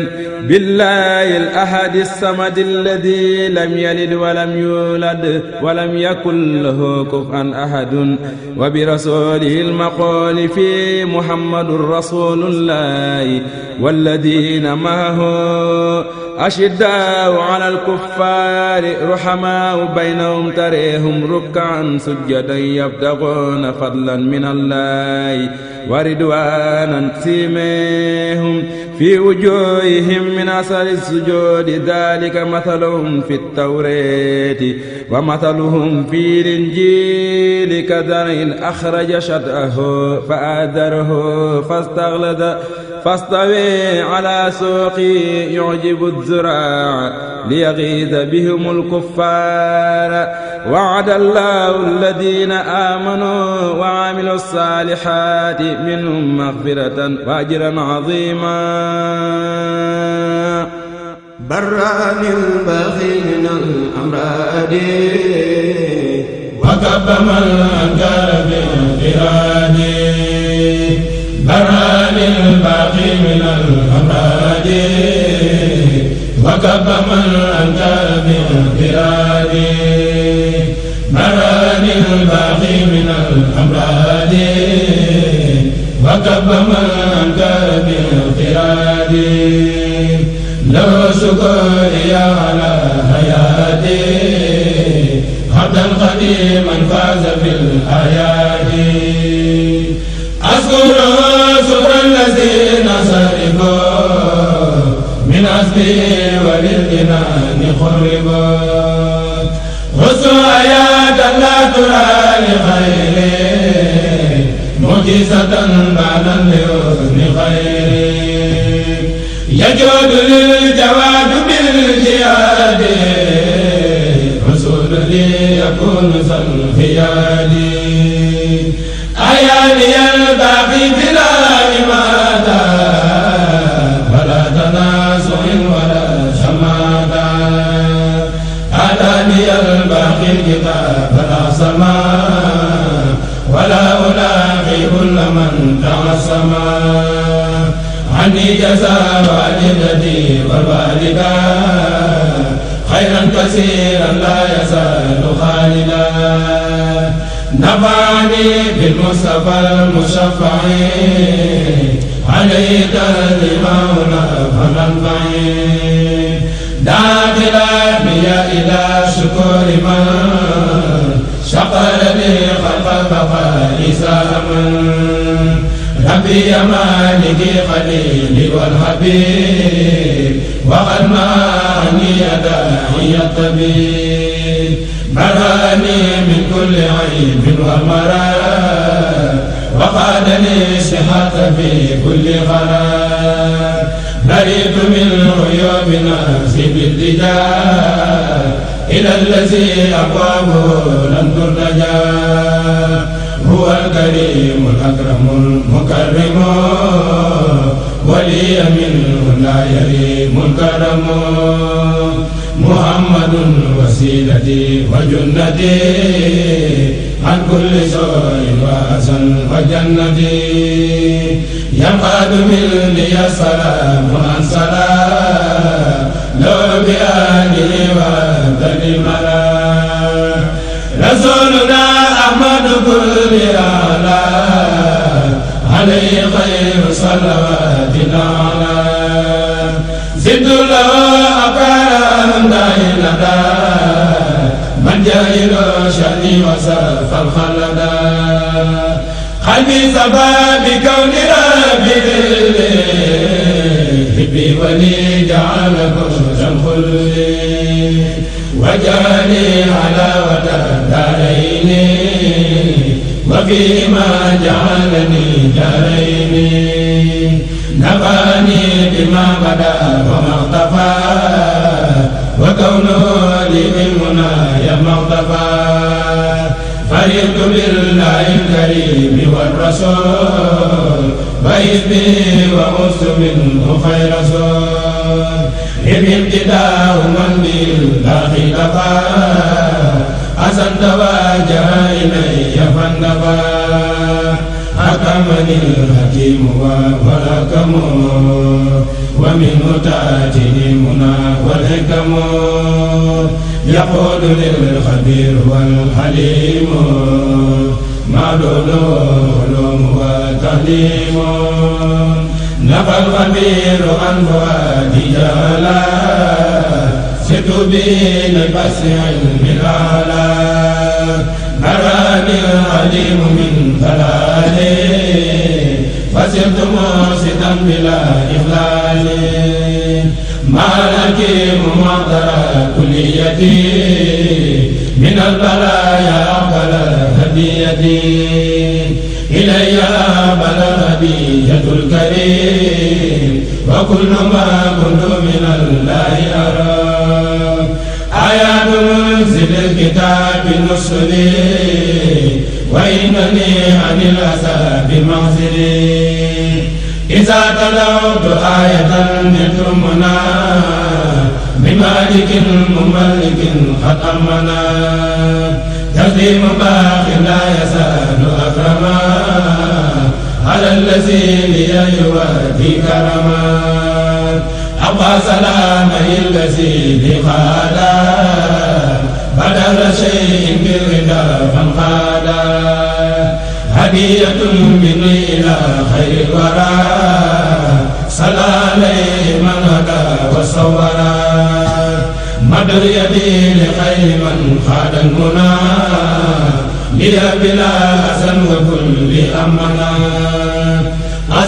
[SPEAKER 10] billahi alahadi alsamadi alladi lam yalid walam yulad walam yakun lahu kufuwan ahadun wa bi rasulihi almaqooli fi muhammadun rasulullahi walladina maahu أشداء على الكفار رحماء بينهم تريهم ركعا سجدا يبتغون فضلا من الله وردوانا سيميهم في وجوههم من أثر السجود ذلك مثلهم في التوراة ومثلهم في الإنجيل كزرع أخرج شطأه فآذره فاستغلظ فاستوي على سوقه يعجب الزراع ليغيظ بهم الكفار وعد الله الذين آمنوا وعملوا الصالحات منهم مغفرة وأجرا عظيما برأني البخيل من الأمراض
[SPEAKER 11] وكب من أنكر بانفراد برأني البخيل من الأمراض وكب من أتى بالانفراد مران الباقي من الأمراض وكب من أتى بالانفراد له شكري على حياتي عبدا قديما فاز بالحياة أذكر الأصل وللجنان خربا حسوا آيات لا ترى لخير معجزة بعد اللون خير يجود للجواد بالجهاد حسود ليكون صلخيادي عني جزاء والدتي والوالدة خيرا كثيرا لا يزال خالدا نفعني بالمصطفى المشفع عليه ترجمه نفع البعيد داخلا بي إلى شكر من شقر لي خلق فخالصا من ربي يا مالك خليلي والحبيب وقد ماني داعي الطبيب براني من كل عيب ومرض وقادني صحة في كل غرام شهيت منه يومنا في بالدجال إلى الذي أقواه لم ترتجى هو الكريم الأكرم المكرم ولي منه لا يليم الكرم محمد وسيلتي وجنتي عن كل شر وأسن وجنتي يقاد مني السلام عن سلام لو بآله وعبد الملا رسولنا أحمد كل أعلى عليه خير صلواتنا على زد له أكرم دائنة شأني وسلف الخلدا خبيث باب كون رابي بي ولي جعل فرشة الخلد وجعلني على وتدارين وفيما جعلني دارين نفاني بما بدا وما اختفى وكونه لي بالمنى شهدت بالله الكريم والرسول بإذنه وغزت منه خير صول لم ابتداء من بالله لقى أسنت واجه إلي فاندفع أمن الحكيم وفلكم ومن طاعته منا والحكم يقول للخبير والحليم ما دونه علوم وتعليم نفى الخبير عن فؤادي جهلا ست به لبس علم الأعلى برأني العليم من ضلالي فسرت مرشدا بلا إخلال ما نكيم معذر كليتي من البلايا أقبل هديتي إلي بلغ بي يد الكريم وكل ما كنت من الله أرى آيات منزل الكتاب المرسلين وإنني عن العذاب المعذرين إذا تلوت آية من ثمنا بمالك مملك قد أمنا يقدم باق لا يزال أكرما على الذي ليوادي كرما أبا سلام الذي بمالا بدل شيء بالرضا فانقالا هدية مني إلى خير الورى صلى عليه من هدى وصورا مدر يدي لخير من
[SPEAKER 6] خاد المنى لي بلا أسن وكل أمنا